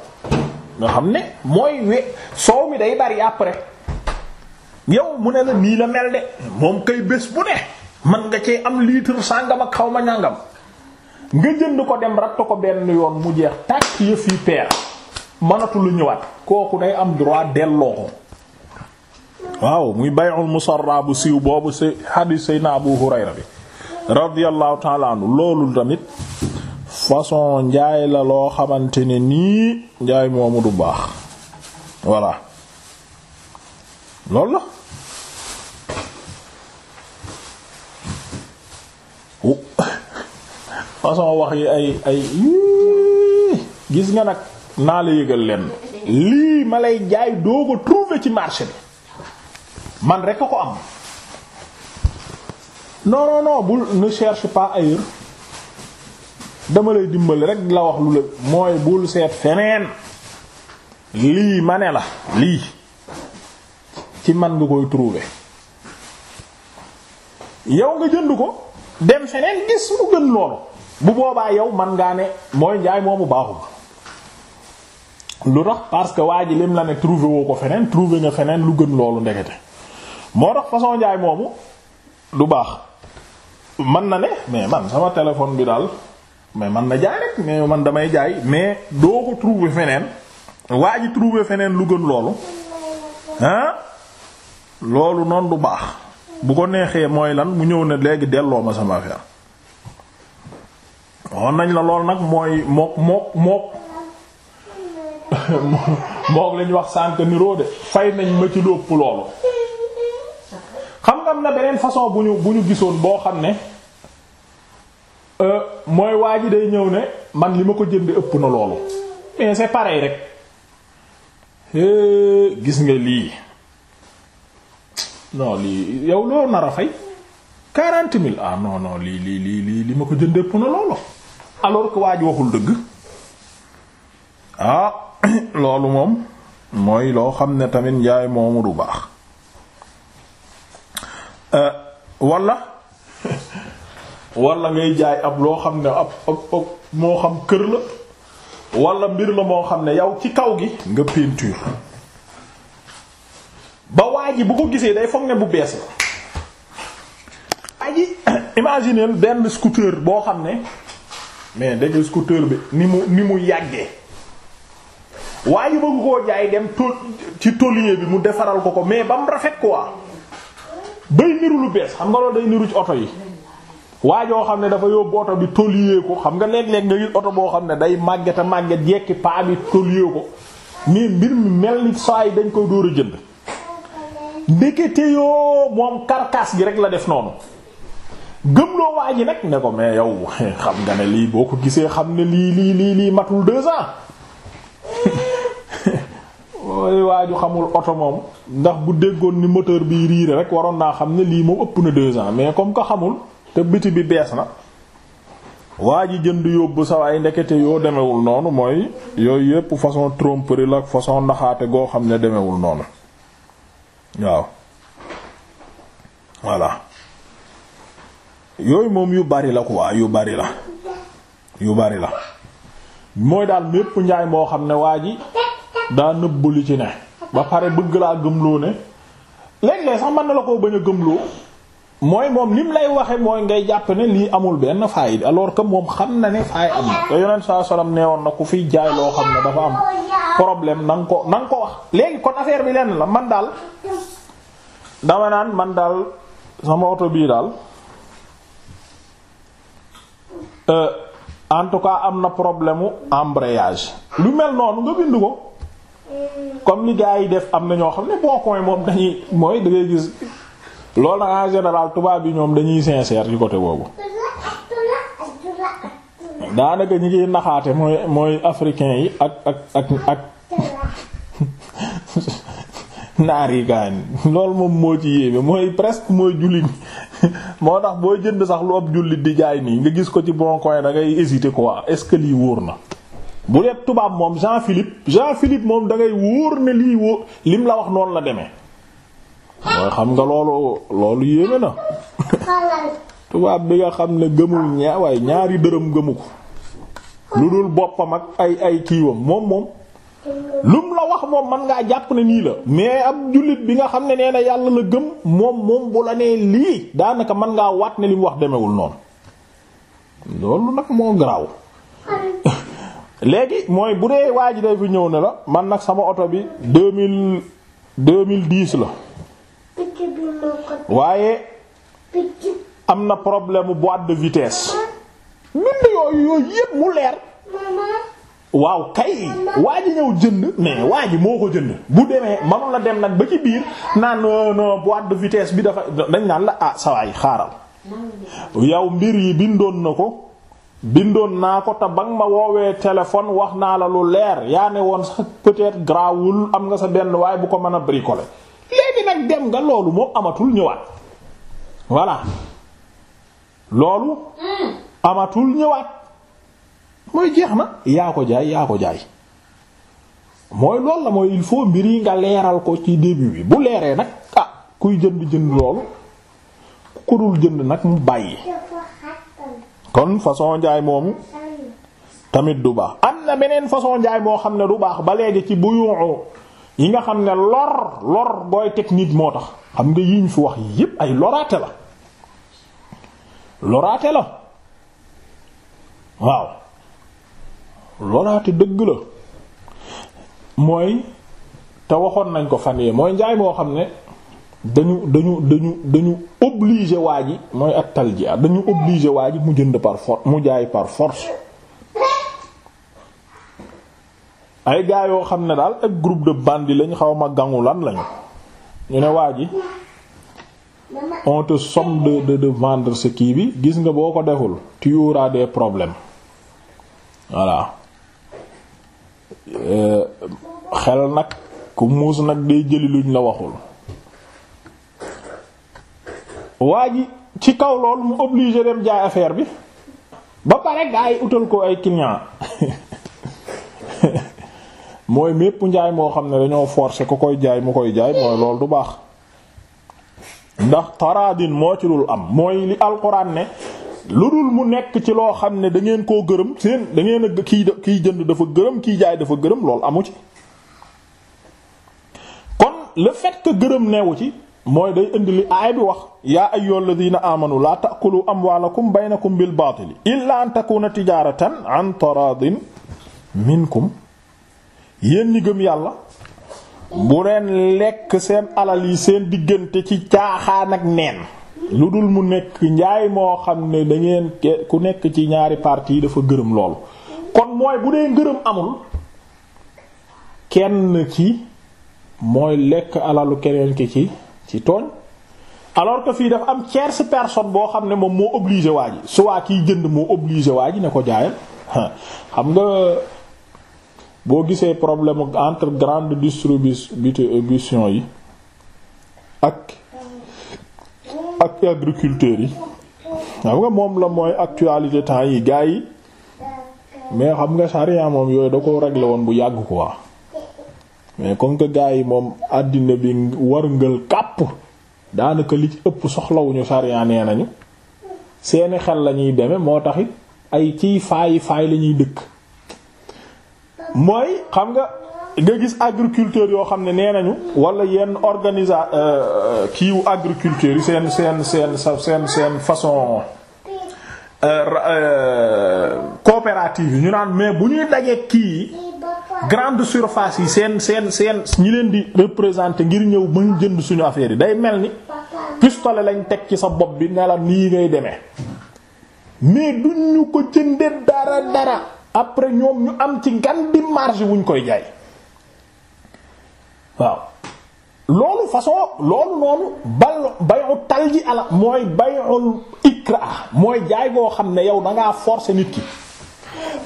nga xam ne mooy we soow mi day bari après yow mu ne la nii la mel de moom kay bés bu ne man nga cee am litre sàngam ak xaw ma ñàngam nga jënd ko dem ratt ko benn yoon mu jeex tàkk yëf yi peer mënatu lu ñëwaat kooku day am droit delloo ko waaw muy bay'ul musarra bu siiw boobu si hadith sayna Abu Hurayra bi radiyallahu taala anhu loolu tamit façon njaay la loo xamante ne nii njaay moomu du baax voilà loolu la façon wax yi ay ay gis nga nag naa la yëgal leen lii ma lay jaay doo ko trouver ci marché bi man rekk a ko am non non non bul ne cherche pas ailleurs dama lay dimbali rek la wax lu la mooy bul seet feneen lii ma ne la lii ci man nga koy trouver yow nga jënd ko dem feneen gis mu gën loolu bu boobaa yow man ngaa ne mooy njaay moomu baaxul lu tax parce que waa ji lim la ne trouver woo ko feneen trouver nga feneen lu gën loolu ndekete moo tax façon njaay moomu du baax man na ne mais man sama téléphone bi daal mais man na jaay rek mais man damay jaay mais doo ko trouver feneen waa ji trouver feneen lu gën loolu ah loolu noon du baax bu ko neexee mooy lan mu ñëw ne léegi delloo ma sama affaire waxoon nañ la loolu nag mooy mook mook mook mook lañ wax sànk niroo de fay nañ ma ci lópp loolu xam nga am na beneen façon bu ñu bu ñu gisoon boo xam ne euh, mooy waa ji day ñëw ne man li ma ko jënd ëpp na loolu mais c'est pareil rek gis nga lii non lii yow loo nar a quarant mille ah non non lii lii lii lii li ma ko jënd ëpp na loolu alors que waaj ji waxul dëgg ah loolu moom mooy loo xam ne tamit njaay moomu du baax Euh, wala wala ngay jaay ab loo xam ne ab moo xam kër la wala mbir la moo xam ne yow ci kaw gi nga peinture ba waa ji bu ko gisee day foog ne bu bees la aji imagineel benn scooter boo xam ne mais dégg scooter bi ni mu ni mu yàggee waaye bëgg koo jaay dem to ci tôlier bi mu defaral ko ko mais ba mu rafet quoi bay niru lu bees xam nga loolu day niru ci oto yi waajoo xam ne dafa yóbbu oto bi toliyee ko xam nga léeg-léeg nga gis oto boo xam ne day màgget a màgget jekki paa bi toliyee ko mais mbir mi mel ni saa yi dañ koy dóor a jënd ndekete yoo moom karkaas gi rek la def noonu gëmloo waa ji nag ne ko mais yow xam nga ne lii boo ko gisee xam ne lii lii lii lii matul deux ans waaju xamul oto moom ndax bu déggoon ni moteur bi riire rek waroon naa xam ne lii moom ëpp na deux ans mais comme que xamul te biti bi bees na waa ji jënd yóbbu sa ay ndekete yoo demewul noonu mooy yooyu yépp façon tromperie la naxaate goo xam ne demewul noonu waaw voilà yooyu moom yu bari la quoi yu bari la yu bari la mooy daal mépp njaay moo xam ne waa ji daa nëbb li ci ne ba pare bëgg laa gëmloo ne léeg-léeg sax mën na la koo bëñ a gëmloo mooy moom lim lay waxe mooy ngay jàpp ne lii amul benn faayid alors que moom xam na ne faay amul te yonent saa na ku fiy jaay xam ne dafa am problème na nga ko na nga ko wax léegi kon affaire bi la man daal dama naan man daal sama oto bii daal euh, en tout cas am na problème mu embrayage lu mel noonu nga bind ko comme li gars yi def am na ñoo xam ne bon moom dañuy mooy da ngay gis loolu nag en général tubaab yi ñoom dañuy sincère ci côté boobu. daanaka ñi ngi naxaate mooy mooy africain yi ak ak ak ak naar yi gaañ loolu moom moo ci yéeme mooy presque mooy jullit moo tax boo jënd sax lu ab jullit di jaay nii nga gis ko ci bon coin da ngay hésiter quoi est-ce que wóor na. bu dee tubaab moom Jean Philippe Jean Philippe moom dangay ngay wóor ne lii wóor lim la wax noonu la deme mooy xam nga loolu loolu yéeme na tubaab bi nga xam ne gëmul ñaa waaye ñaari dërëm gëmu ko lu dul boppam ak ay ay kiiwam moom moom. lum la wax moom man ngaa jàpp ne nii la mais ab jullit bi nga xam ne nee na yàlla la gëm moom moom bu la nee lii daanaka man ngaa waat ne li mu wax demewul noonu loolu nag moo garaaw léegi mooy bu dee waa ji day fi ñëw ne la man nag sama oto bi deux mille deux mille dix la waaye am na problème boîte de vitesse mbind yooyu yooyu yépp mu leer waaw kay waa ji ñëw jënd mais waa ji moo ko jënd bu demee manu la dem nag ba ci biir naan non boîte de vitesse bi dafa dañ naan la ah sawaay xaaral yow mbir yi bindoon na ko bindoon naa ko te ba ma woowee téléphone wax naa la lu leer yaa ne woon sax peut grawul am nga sa benn waaye bu ko mën a bricoler léegi nag dem nga loolu moom amatul ñëwaat voilà loolu hmm. amatul ñëwaat mooy jeex na yaa ko jaay yaa ko jaay mooy loolu la mooy il faut mbir yi nga leeral ko ci début bi bu leeree nag ah kuy jënd jënd loolu ku dul jënd nag mu bàyyi kon façon njaay moomu tamit du baax am na beneen façon njaay moo xam ne du baax ba léegi ci buyu'u yi nga xam ne lor lor booy technique moo tax xam nga yi ñu fi wax yépp ay loraate la loraate la waaw loraate dëgg la mooy te waxoon nañ ko fan yee mooy njaay moo xam ne dañu dañu dañu dañu obligé waa ji mooy ak taljiya dañu obligé waa ji mu jënd par force mu jaay par force ay gaa yoo xam ne daal ak groupe de bandits lañ xaw ma gangu lan lañu ñu ne waa ji on te somme de de de vendre ce kii bi gis nga boo ko deful tu auras problème problèmes voilà euh, xel nag ku muus nag day jëli luñ la waxul. waa ji ci kaw lool mu obligé dem jaay affaire bi ba pare gaa yi utal ko ay client mooy mépp njaay moo xam ne dañoo forcer ku koy jaay mu koy jaay mooy lool du baax ndax taraadin moo ci dul am mooy li alxuraan ne lu dul mu nekk ci loo xam ne da ngeen koo gërëm seen dangeen ngeen a jënd dafa gërëm ki jaay dafa gërëm loolu amu ci kon le fait gërëm newu ci mooy day indi li aay bi wax yaa ayyuhal ladina amanu la ta'kulu amwaalakum baynakum bil baatili illa an takuna tijaratan an taradin minkum yéen ñi yàlla bu leen lekk seen alal yi seen diggante ci caaxaan ak neen lu dul mu nekk njaay moo xam ne dangeen ku nekk ci ñaari parti dafa gërëm lool kon mooy bu dee gërëm amul kenn ki mooy lekk alalu keneen ki ci ci tooñ alors que fii dafa am tierce personne boo xam ne moom moo obligé waa ji soit kiy jënd moo obligé waa ji ne ko jaayal xam nga boo gisee problème entre grande distribution yi ak ak agriculteurs yi xam nga moom la mooy actualité temps yi gars yi mais xam nga charia moom yooyu da ko réglé woon bu yàgg waa mais comme que gars yi moom àddina bi war ngël kàpp daanaka li ci ëpp soxlawuñu sariya nee nañu seeni xel la ñuy deme moo taxit ay ciy faayi faay la ñuy dëkk mooy xam nga nga gis agriculteur yoo xam ne nee nañu wala yenn organisa euh, kiiwu agriculture yi seen seen seen seen seen façon euh, euh, coopérative yi ñu naan mais bu ñuy daje kii grande surface yi seen seen seen ñi leen di représenter ngir ñëw mën jënd suñu affaire yi day mel ni pistolet lañ teg ci sa bopp bi ne la nii ngay deme mais duñ ñu ko jënde dara dara après ñoom ñu am ci gan di marge wuñ koy jaay waaw loolu façon loolu noonu bal bayu tal ji ala mooy bayul ikra mooy jaay boo xam ne yow dangaa forcer nit ki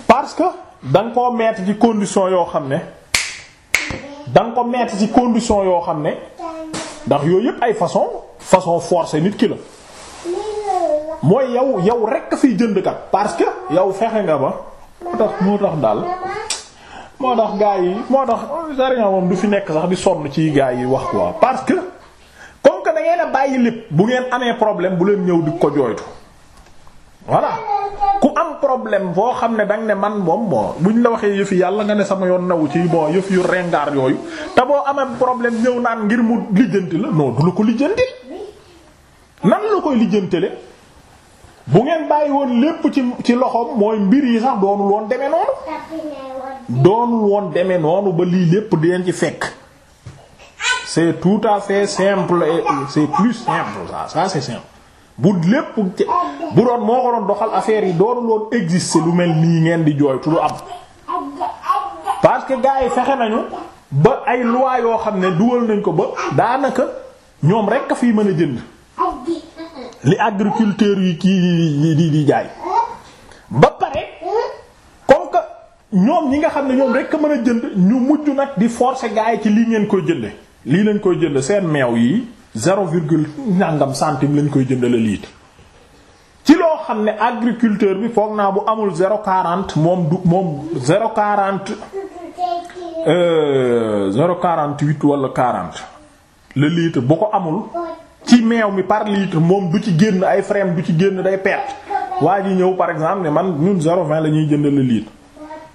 parce que da nga koo mettre ci condition yoo xam ne da nga ko mettre ci condition yoo xam ne ndax yooyu yëpp ay façon façon forcer nit ki la mooy yow yow rekk a fiy jënd kat parce que yow fexe nga ma moo tax moo tax daal moo tax gaa yi moo tax sariya moom du fi nekk sax di sonn ciy gaa yi wax quoi parce que comme que da ngeen bàyyi lépp bu ngeen amee problème bu leen ñëw di ko jooytu voilà. problème boo xam ne danga ne man moom bu ñu la waxee yëfi yàlla nga ne sama yoon naw ci bon yëf yu rengaar yooyu te boo amee problème ñëw naan ngir mu lijjanti la non du la ko lijjanti nan la koy lijjantale bu ngeen bàyyi woon lépp ci ci loxoom mooy mbir yi sax doonul woon deme noonu doonul woon demee noonu ba lii lépp di leen ci fekk c'est tout à fait simple et c'est plus simple ça ça simple bu lépp bu doon moo ko doxal affaire yi doonul woon exister lu mel nii ngeen di jooytu lu am parce que gars fexe nañu ba ay loi yoo xam ne duwal nañ ko ba daanaka ñoom rekk a fi mën a jënd li agriculteur yi kii di di jaay ba pare comme ñoom ñi nga xam ne ñoom rekk a mën a jënd ñu mujj nag di forcer gars yi ci lii ngeen koy jënde lii lañ koy jënd seen meew yi zéro virgule njàngam centime lañ koy jëndale litre ci loo xam ne agriculteur bi foog naa bu amul zéro quarante moom du moom zéro quarante euh, zéro quarante huit wala quarante le litre bu ko amul ci meew mi par litre moom du ci génn ay frème du ci génn day perte waa ji ñëw par exemple ne man ñun zéro vingt la ñuy jëndale litre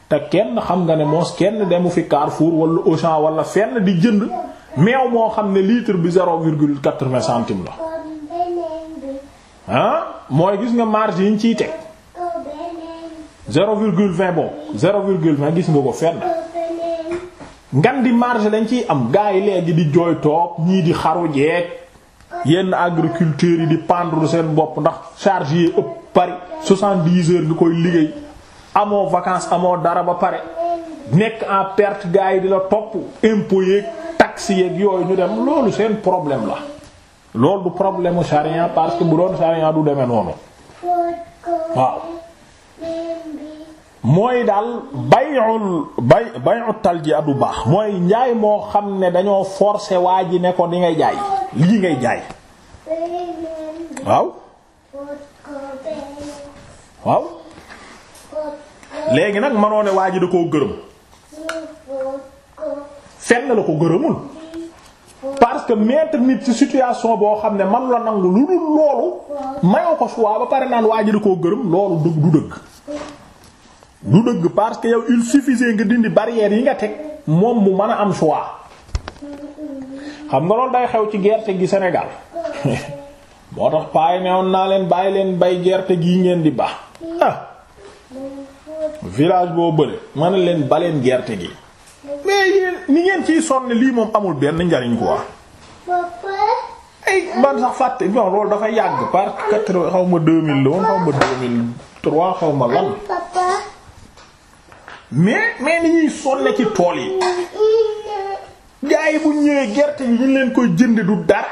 te kenn xam nga ne moo kenn demu fi Carrefour wala Auchan wala fenn di jënd. meew moo xam ne liitre bi zéro virgule quatre-vingts centimes la ah mooy gis nga marge yi ñu ciy teg zéro virgule vingt bon zéro virgule vingt gis nga ko fenn ngan di marge lañ ciy am gars yi léegi di jooy toog ñii di xaru jeeg yenn agriculteurs yi di pendre seen bopp ndax charge yi ëpp pari soixante-dix heures nga koy liggéey amoo vacances amoo dara ba pare nekk en perte gars yi di la topp impôt yeeg taxi yeeg yooyu ñu dem loolu seen problème la loolu du problème mu charia parce que bu doon charia du demee noonu waaw mooy daal bay'ul bay bay'u talji'a du baax mooy njaay moo xam ne dañoo forcer waa ji ne ko di ngay jaay lii ngay jaay waaw waaw léegi nag mënoo ne waa ji da koo gërëm fenn la ko gërëmul parce que mettre nit ci situation boo xam ne man la nangu lu dul loolu mayoo ko choix ba pare naan waa ji da koo gërëm loolu du du dëgg du dëgg parce que yow il suffisait nga dindi barrière yi nga teg moom mu mën a am choix xam nga loolu day xew ci gerte gi senegal moo tax paay newoon naa leen bàyyi leen bay gerte gii ngeen di ba ah. village boo bële mën na leen baleen gerte gi mais yéen ni ngeen ciy sonn lii moom amul benn njariñ quoi. ay man sax fàtte non loolu dafa yàgg par quatre xaw ma deux mille la woon xaw ma deux mille trois xaw lan. mais mais ni ñuy sonne ci tool yi. gaa yi bu ñëwee gerte gi ñu leen koy jënd du dara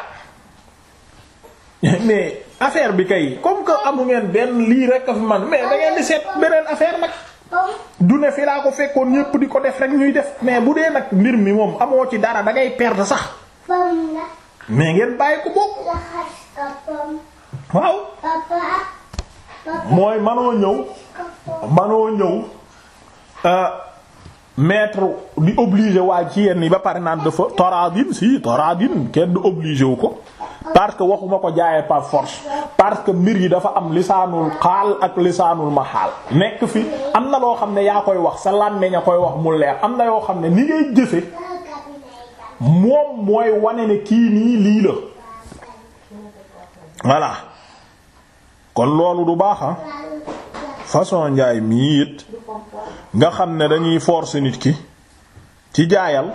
mais affaire bi kay comme que amu ngeen benn lii rek a fi man mais da ngeen di seet beneen affaire nag. du ne fi laa ko fekkoon ñépp di ko def rek ñuy def mais bu dee nag mbir mi moom amoo ci dara da ngay perdre sax mais ngeen bàyyi ko bokk waaw mooy manoo ñëw manoo ñëw euh, maître di obligé waa ci yenn yi ba pare naan dafa toraadin si toraadin kenn du obligé wu ko parce que waxuma ko jaayee par force parce que mbir yi dafa am lisaanul xaal ak lisaanul maxaal nekk fi am na loo xam ne yaa koy wax sa làmmiñ a koy wax mu leer am na yoo xam ne ni ngay jëfe moom mooy wane ne kii nii lii la voilà kon loolu du baaxa façon njaay mii it nga xam ne dañuy forcer nit ki ci jaayal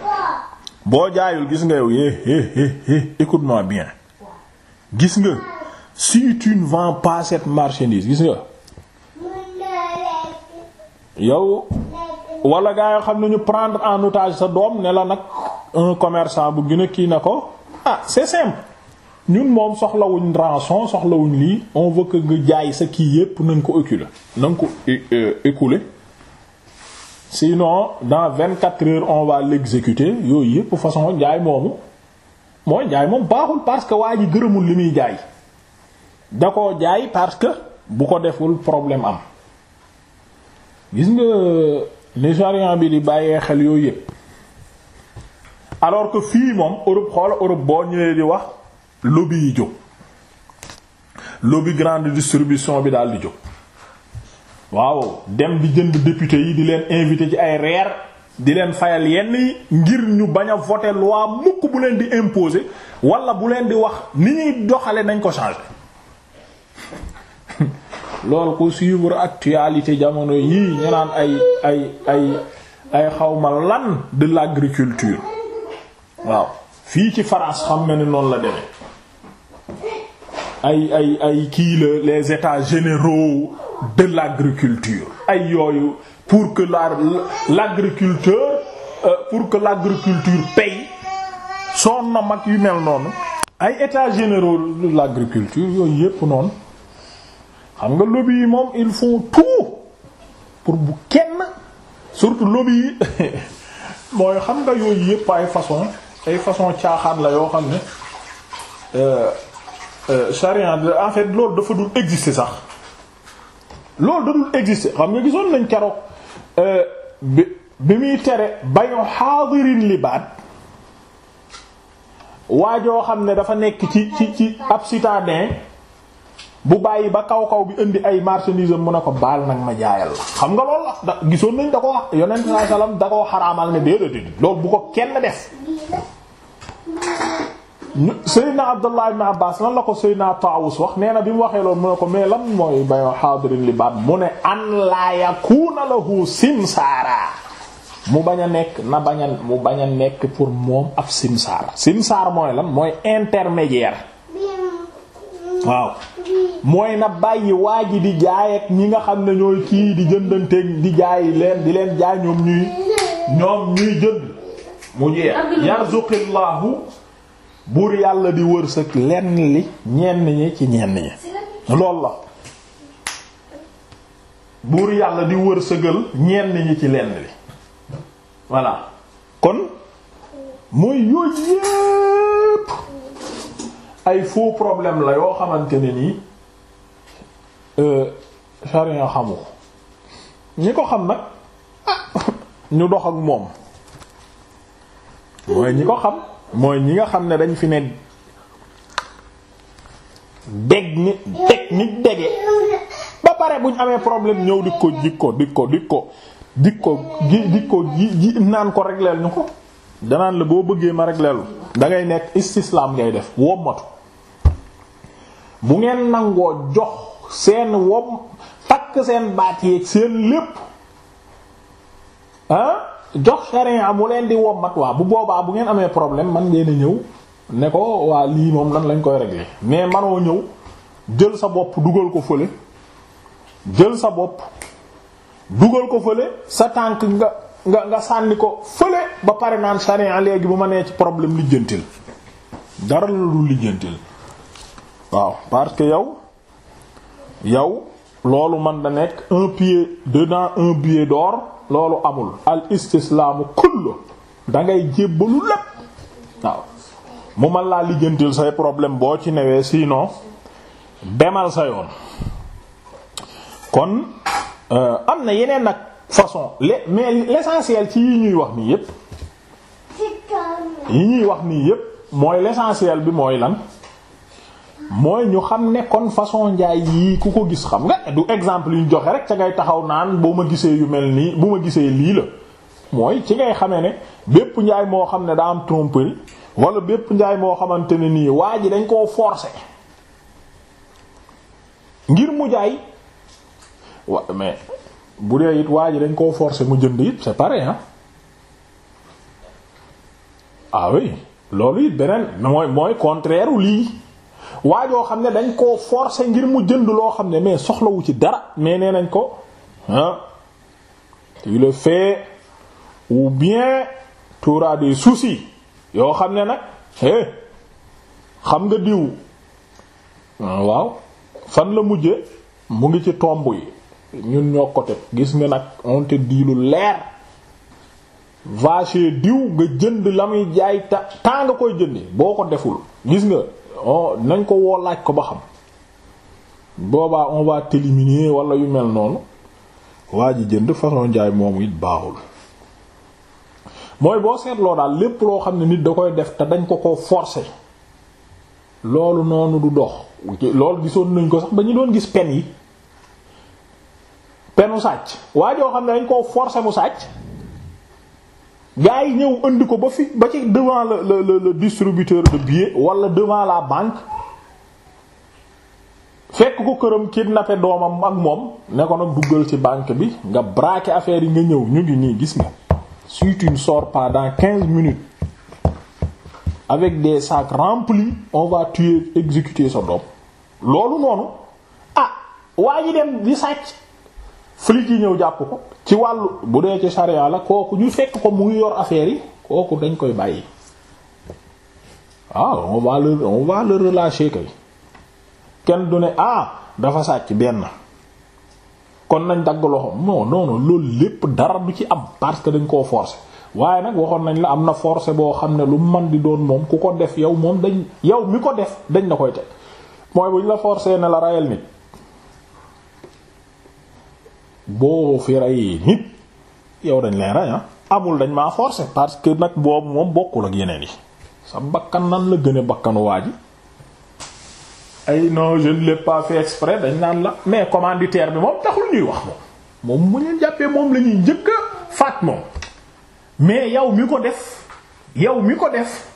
boo jaayul gis nga yow eh, eh, eh, écoute-moi bien gis nga si tu ne vends pas cette marchandise gis nga yow wala gaa yoo xam ne ñu prendre en otage sa doom ne la nag un commerçant bu gën a kii na ko ah c'est simple ñun moom soxlawuñ rançon soxlawuñ lii on veut nga jaay sa kii yépp na nga ko écouler na nga ko écouler sinon dans vingt-quatre heures on va l'exécuter yooyu yépp façon jaay moomu mooy jaay moom baaxul parce que waa ji gërëmul li muy jaay da koo jaay parce que bu ko deful problème am gis nga ni charian bi di bàyyee xel yooyu yëpp alors que fii moom Europe xoola Europe boo ñëwee di wax lobby yi jóg lobby grande distribution bi daal di jóg waaw dem bi jënd député yi di leen invité ci ay reer di leen fayal yenn yi ngir ñu bañ a voter loi mukk bu leen di imposer walla bu leen di wax ni ñuy doxale nañ ko changer loolu ku suivre actualité jamono yii ñu naan ay ay ay ay xawma lan de l'agriculture waaw fii ci France xam nga ni noonu la demee ay ay ay kii la les états généraux de l'agriculture ay yooyu pour que la l'agriculteur euh, pour que l'agriculture paye son na mag yu mel noonu ay états généraux de l'agriculture yooyu yépp noonu xam nga lobby yi moom ils font tout pour bu kenn surtout lobby yi mooy xam nga yooyu yépp ay façon ay façon caaxaan la yoo xam ne euh, euh, charia en fait loolu dafa dul exister sax loolu da dul xam nga gisoon nañ keroog Euh, bi muy tere bañu xaadirin li baat waajoo xam ne dafa nekk ci ci ci ab citadin bu bàyyi ba kaw kaw bi indi ay marchandise mun a ko baal nag ma jaayal la xam nga loolu la gisoon nañ da ko yonent sallallahu alayhi wasallam da koo xaraamal ne déedéet loolu bu ko kenn def Seydina Abdullah ibn Abbas lan la ko Seydina Taawus wax nee bi mu waxee loolu mu ne ko mais lan mooy bayo xaadirin li baat mu ne an laa yakuuna lahu simsaara mu bañ a nekk na bañ a nekk pour moom ab simsaar simsaar mooy lan mooy intermédiaire waaw mooy na bàyyi waa ji di jaay ak ñi nga xam ne ñooy kii di jëndanteeg di jaay leen di leen jaay ñoom ñuy ñoom ñuy jënd mu jeex yarzuqillahu buur yàlla di wërsëg lenn li ñenn ñi ci ñenn ñi lool la buur yàlla di wër wërsëgal ñenn ñi ci lenn li voilà kon mooy yooyu yépp ay faux problème la yoo xamante ne nii euh, charia xamu ñi ko xam nag ah ñu dox ak moom mooy ñi ko xam mooy ñi nga xam ne dañ fi ne deg ni deg ni dege ba pare buñ amee problème ñëw di ko di ko di ko di ko di ko di ko ji naan ko régleel ñu ko danaan la boo bëggee ma régleel da ngay nekk istislaam ngay def wommatu bu ngeen nangoo jox seen wom takk seen baat yeeg seen lépp ah jox sharia mu leen di wommat waa bu boobaa bu ngeen amee problème man ngeen a ñëw ne ko waa lii moom nan lañ koy régler mais manoo ñëw jël sa bopp dugal ko fële jël sa bopp dugal ko fële sa tànk nga nga sànni ko fële ba pare naan sharia léegi bu ma nee ci problème lijjantil dara la dul lijjantil waaw parce que yow yow loolu man da nekk un pied dedans un pied dehors loolu amul al istislaamu kullu da ngay jébbalu lépp waaw mu man laa lijjantil say problème boo ci newee sinon demal sa yoon kon euh, am na yeneen nag façon mais l'essentiel ci yi ñuy wax nii yépp yi ñuy wax nii yépp mooy lessanciel bi mooy lan mooy ñu xam ne kon façon njaay yi ku ko gis xam nga du exemple yu ñu joxe rek ca ngay taxaw naan boo ma gisee yu mel nii bu ma gisee lii la mooy ci ngay xamee ne bépp njaay moo xam ne daa am wala bépp njaay moo xamante ne nii waa ji dañ koo forcer ngir mu jaay wa mais bu dee it waa ji dañ koo forcer mu jënd it c'est pareil hein ah oui loolu it beneen mooy mooy contraire lii. waajoo xam ne dañ koo forcer ngir mu jënd loo xam ne mais soxlawu ci dara mais nee nañ ko ah tu le fais ou bien tu auras des yoo xam ne nag eh xam nga diw ah, waaw fan la mujje mu ngi ci tomb yi ñun ñoo ko teg gis nga nag on te leer vache diw nga jënd la muy jaay ta temps nga koy jënd boo ko deful gis nga oh nañ ko woo laaj ko ba xam boobaa on va t'éliminer wala yu mel noonu waa ji jënd façon jaay moomu it baaxul mooy boo seetloo daal lépp loo xam ne nit da koy def te dañ ko ko forcer loolu noonu du dox lool gisoon nañ ko sax ba ñu doon gis pen yi penu sàcc waa joo xam ne dañ koo forcer mu sàcc gaa yi ñëw indi ko ba fi ba ci devant le le le distributeur de billets wala devant la banque fekk ko këram kidnappé doomam ak moom ne ko nag duggal ci banque bi nga braqué affaire yi nga ñëw ñu ngi nii gis nga si tu ne sors quinze minutes avec des sacs remplis on va tuer exécuter sa doom loolu noonu ah waa ji dem di sàcc. flic yi ñëw jàpp ko ci wàllu bu dee ci charia la kooku ñu fekk ko mu yor affaire yi kooku dañ koy bàyyi waaw on va le on va kenn du ne ah dafa sàcc benn kon nañ dagg loxo non non loolu lépp dara du ci am parce que dañ koo forcer waaye nag waxoon nañ la am na forcer boo xam ne lu man di doon moom ku ko def yow moom dañ yow mi ko def dañ la koy teg mooy bu ñu la forcer ne la rayal nit. boo fi rey nit yow dañ lay rey ah. amul dañ maa forcer parce que nag boobu moom bokkul ak yeneen yi sa bakkan nan la gën a bakkanu waa ay non je ne l'ai fait exprès dañ naan la mais commanditaire bi moom taxul ñuy wax moom moom mu ñu jàppee moom la ñuy njëkk a faat moom mais yow mi ko def yow mi ko def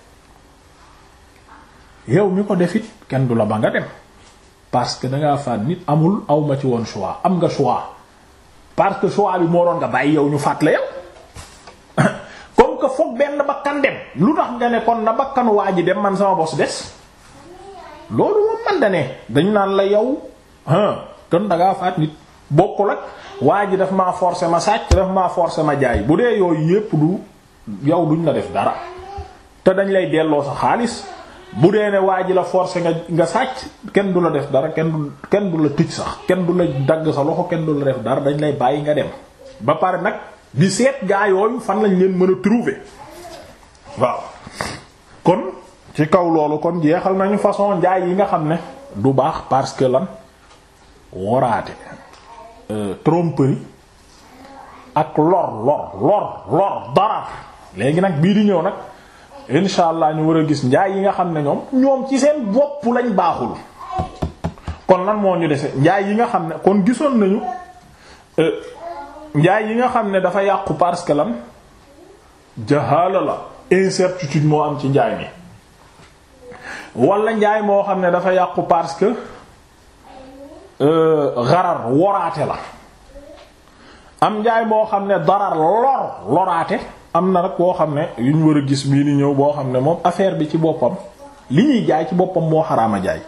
yow mi ko def it kenn du la ba nga dem parce que dangaa faat nit amul awma ci woon choix am nga choix parce que choix bi moo doon nga bàyyi yow ñu fàttali yow comme que foog benn bakkan dem lu tax nga ne kon na bakkanu waa ji dem man sama bos des loolu moom man da ne dañu naan la yow kon dangaa faat nit bokkul ak waa ji daf ma forcé ma sàcc daf maa forcé ma jaay bu dee yooyu yépp du yow duñ la def dara te dañ lay delloo sa xaalis. bu dee ne waa ji la forcé nga nga sàcc kenn du la def dara kenn du kenn du la tëj sax kenn du la dagg sa loxo kenn du la def dara dañ lay bàyyi nga dem ba pare nag di seet gaa yooyu fan lañ leen mën a trouver waaw kon ci kaw loolu kon jeexal nañu façon njaay yi nga xam ne du baax parce que lan waraate euh, tromperie ak lor lor lor lor dara léegi nag bii di ñëw nag insha allah ñu war a gis njaay yi nga xam ne ñoom ñoom ci seen bopp lañ baaxul kon lan moo ñu dese njaay yi nga xam ne kon gisoon nañu euh, njaay yi nga xam ne dafa yàqu parce que lan jahaala la incertitude moo am ci njaay wala njaay moo xam ne dafa yàqu parce que euh, xarar woraate la am njaay moo xam ne darar lor loraate am na nag boo xam ne yu ñu war a gis mii ni ñëw boo xam ne moom affaire bi ci boppam li ñuy jaay ci boppam moo xaraama jaay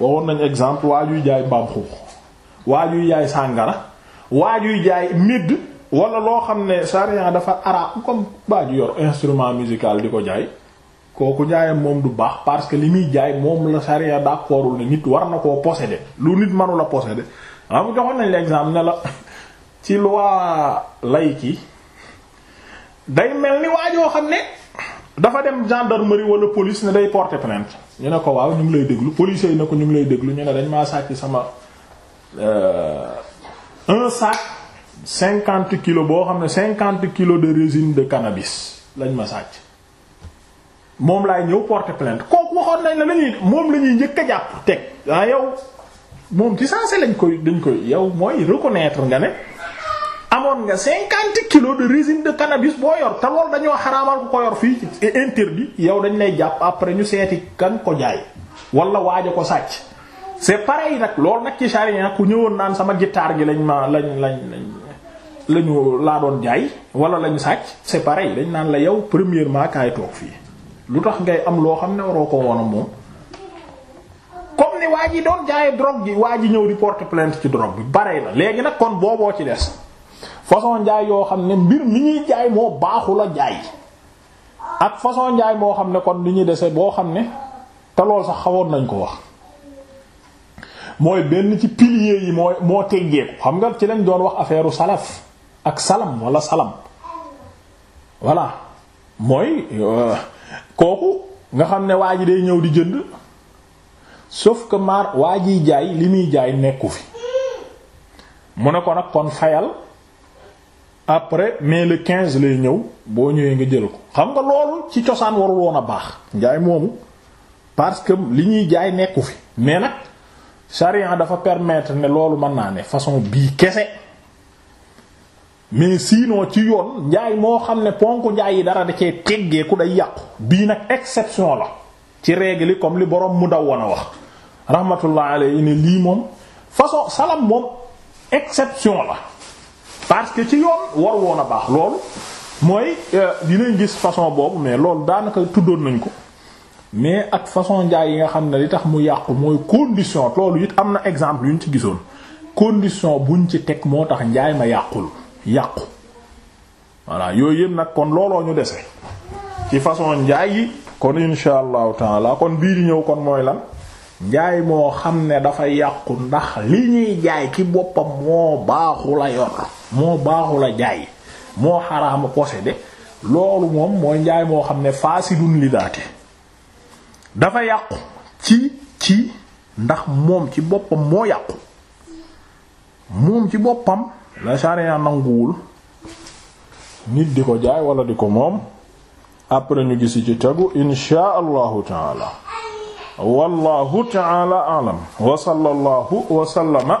waxoon nañ exemple waa jaay mbaam xuux waa juy jaay sàngara waa juy jaay midd wala loo xam ne sariya dafa araam comme ju yor instrument musical di ko jaay kooku jaayam moom du baax parce que li muy jaay moom la sariya d'accordul ne nit war na koo posséder lu nit mënula posséder am joxoon nañ l'exemple ne la ci loi laïque day mel ni waajoo xam ne dafa dem gendarmerie wala police ne day porter plainte ñu ne ko waaw ñu ngi lay déglu policier yi ne ko ñu ngi lay déglu ñu ne dañ maa sàcc sama euh, un sac cinquante kilo boo xam ne cinquante kilos de résine de cannabis lañ ma sàcc moom laay ñëw porter plainte kooku waxoon nañ lañuy moom la ñuy njëkk a jàpp teg ah yow moom ci sensé lañ koy dañ koy yow mooy reconnaître nga ne. amoon nga cinquante kilos de résine de cannabis boo yor te loolu dañoo xaraamal ku ko yor fii ci interdit yow dañu lay jàpp après ñu seeti kan ko jaay wala waaja ko sàcc. c'est yi nag loolu nag ci charia ku ñëwoon naan sama guitare gi lañ ma lañ lañ lañu laa doon jaay wala lañu sàcc c'est pareil dañ naan la yow premièrement kaay toog fii lu tax ngay am loo xam ne waroo ko woon a moom. comme ni waa ji doon jaay drogue gi waa ji ñëw di porte plainte ci drogue bi bare na léegi nag kon booboo ci des. façon njaay yoo xam ne mbir mi ñuy jaay moo baaxula jaay ak façon njaay moo xam ne kon li ñuy dese boo xam ne te lool sax xawoon nañ ko wax mooy benn ci pilier yi mooy moo teggeeku xam nga ci lañ doon wax affaire salaf ak salam walla salam voilà mooy euh, kooku nga xam ne waa ji day ñëw di jënd sauf que maar waa jaay li muy jaay nekku fi mu ne ko nag kon fayal après mais le quinze lay ñëw boo ñëwee nga jël ko xam nga loolu ci cosaan warul woon a baax njaay moomu parce que li ñuy jaay nekku fi mais nag charia dafa permettre ne loolu mën naa ne façon bii kese mais sinon ci yoon njaay moo xam ne ponk njaay yi dara da cee teggeeku day yàqu bii nag exception la ci règle yi comme li borom mu daw woon a wax rahmatullah alayhi ne lii moom façon salam moom exception la parce que ci yoon war a baax loolu mooy euh, dinañ gis façon boobu mais loolu daanaka tuddoon nañ ko mais ak façon njaay yi nga xam ne li tax mu yàqu mooy condition toolu it am na exemple yu ñu ci gisoon condition buñ ci teg moo tax njaay ma yàqul yàqu voilà yooyu yëpp nag kon looloo ñu dese ci façon njaay yi kon insha allahu taala kon bii di ñëw kon mooy lan njaay moo xam ne dafa yàqu ndax li ñuy jaay ci boppam moo baaxu la moo baaxul a jaay moo xaraama posséder loolu moom mooy njaay moo xam ne faasidun li daate dafa yàqu ci ci ndax moom ci boppam moo yàqu moom ci boppam la charia nanguwul nit di ko jaay wala di ko moom après ñu gisi ci tegu inshaa allahu taala wallahu taala alam wa sallallahu wa sallama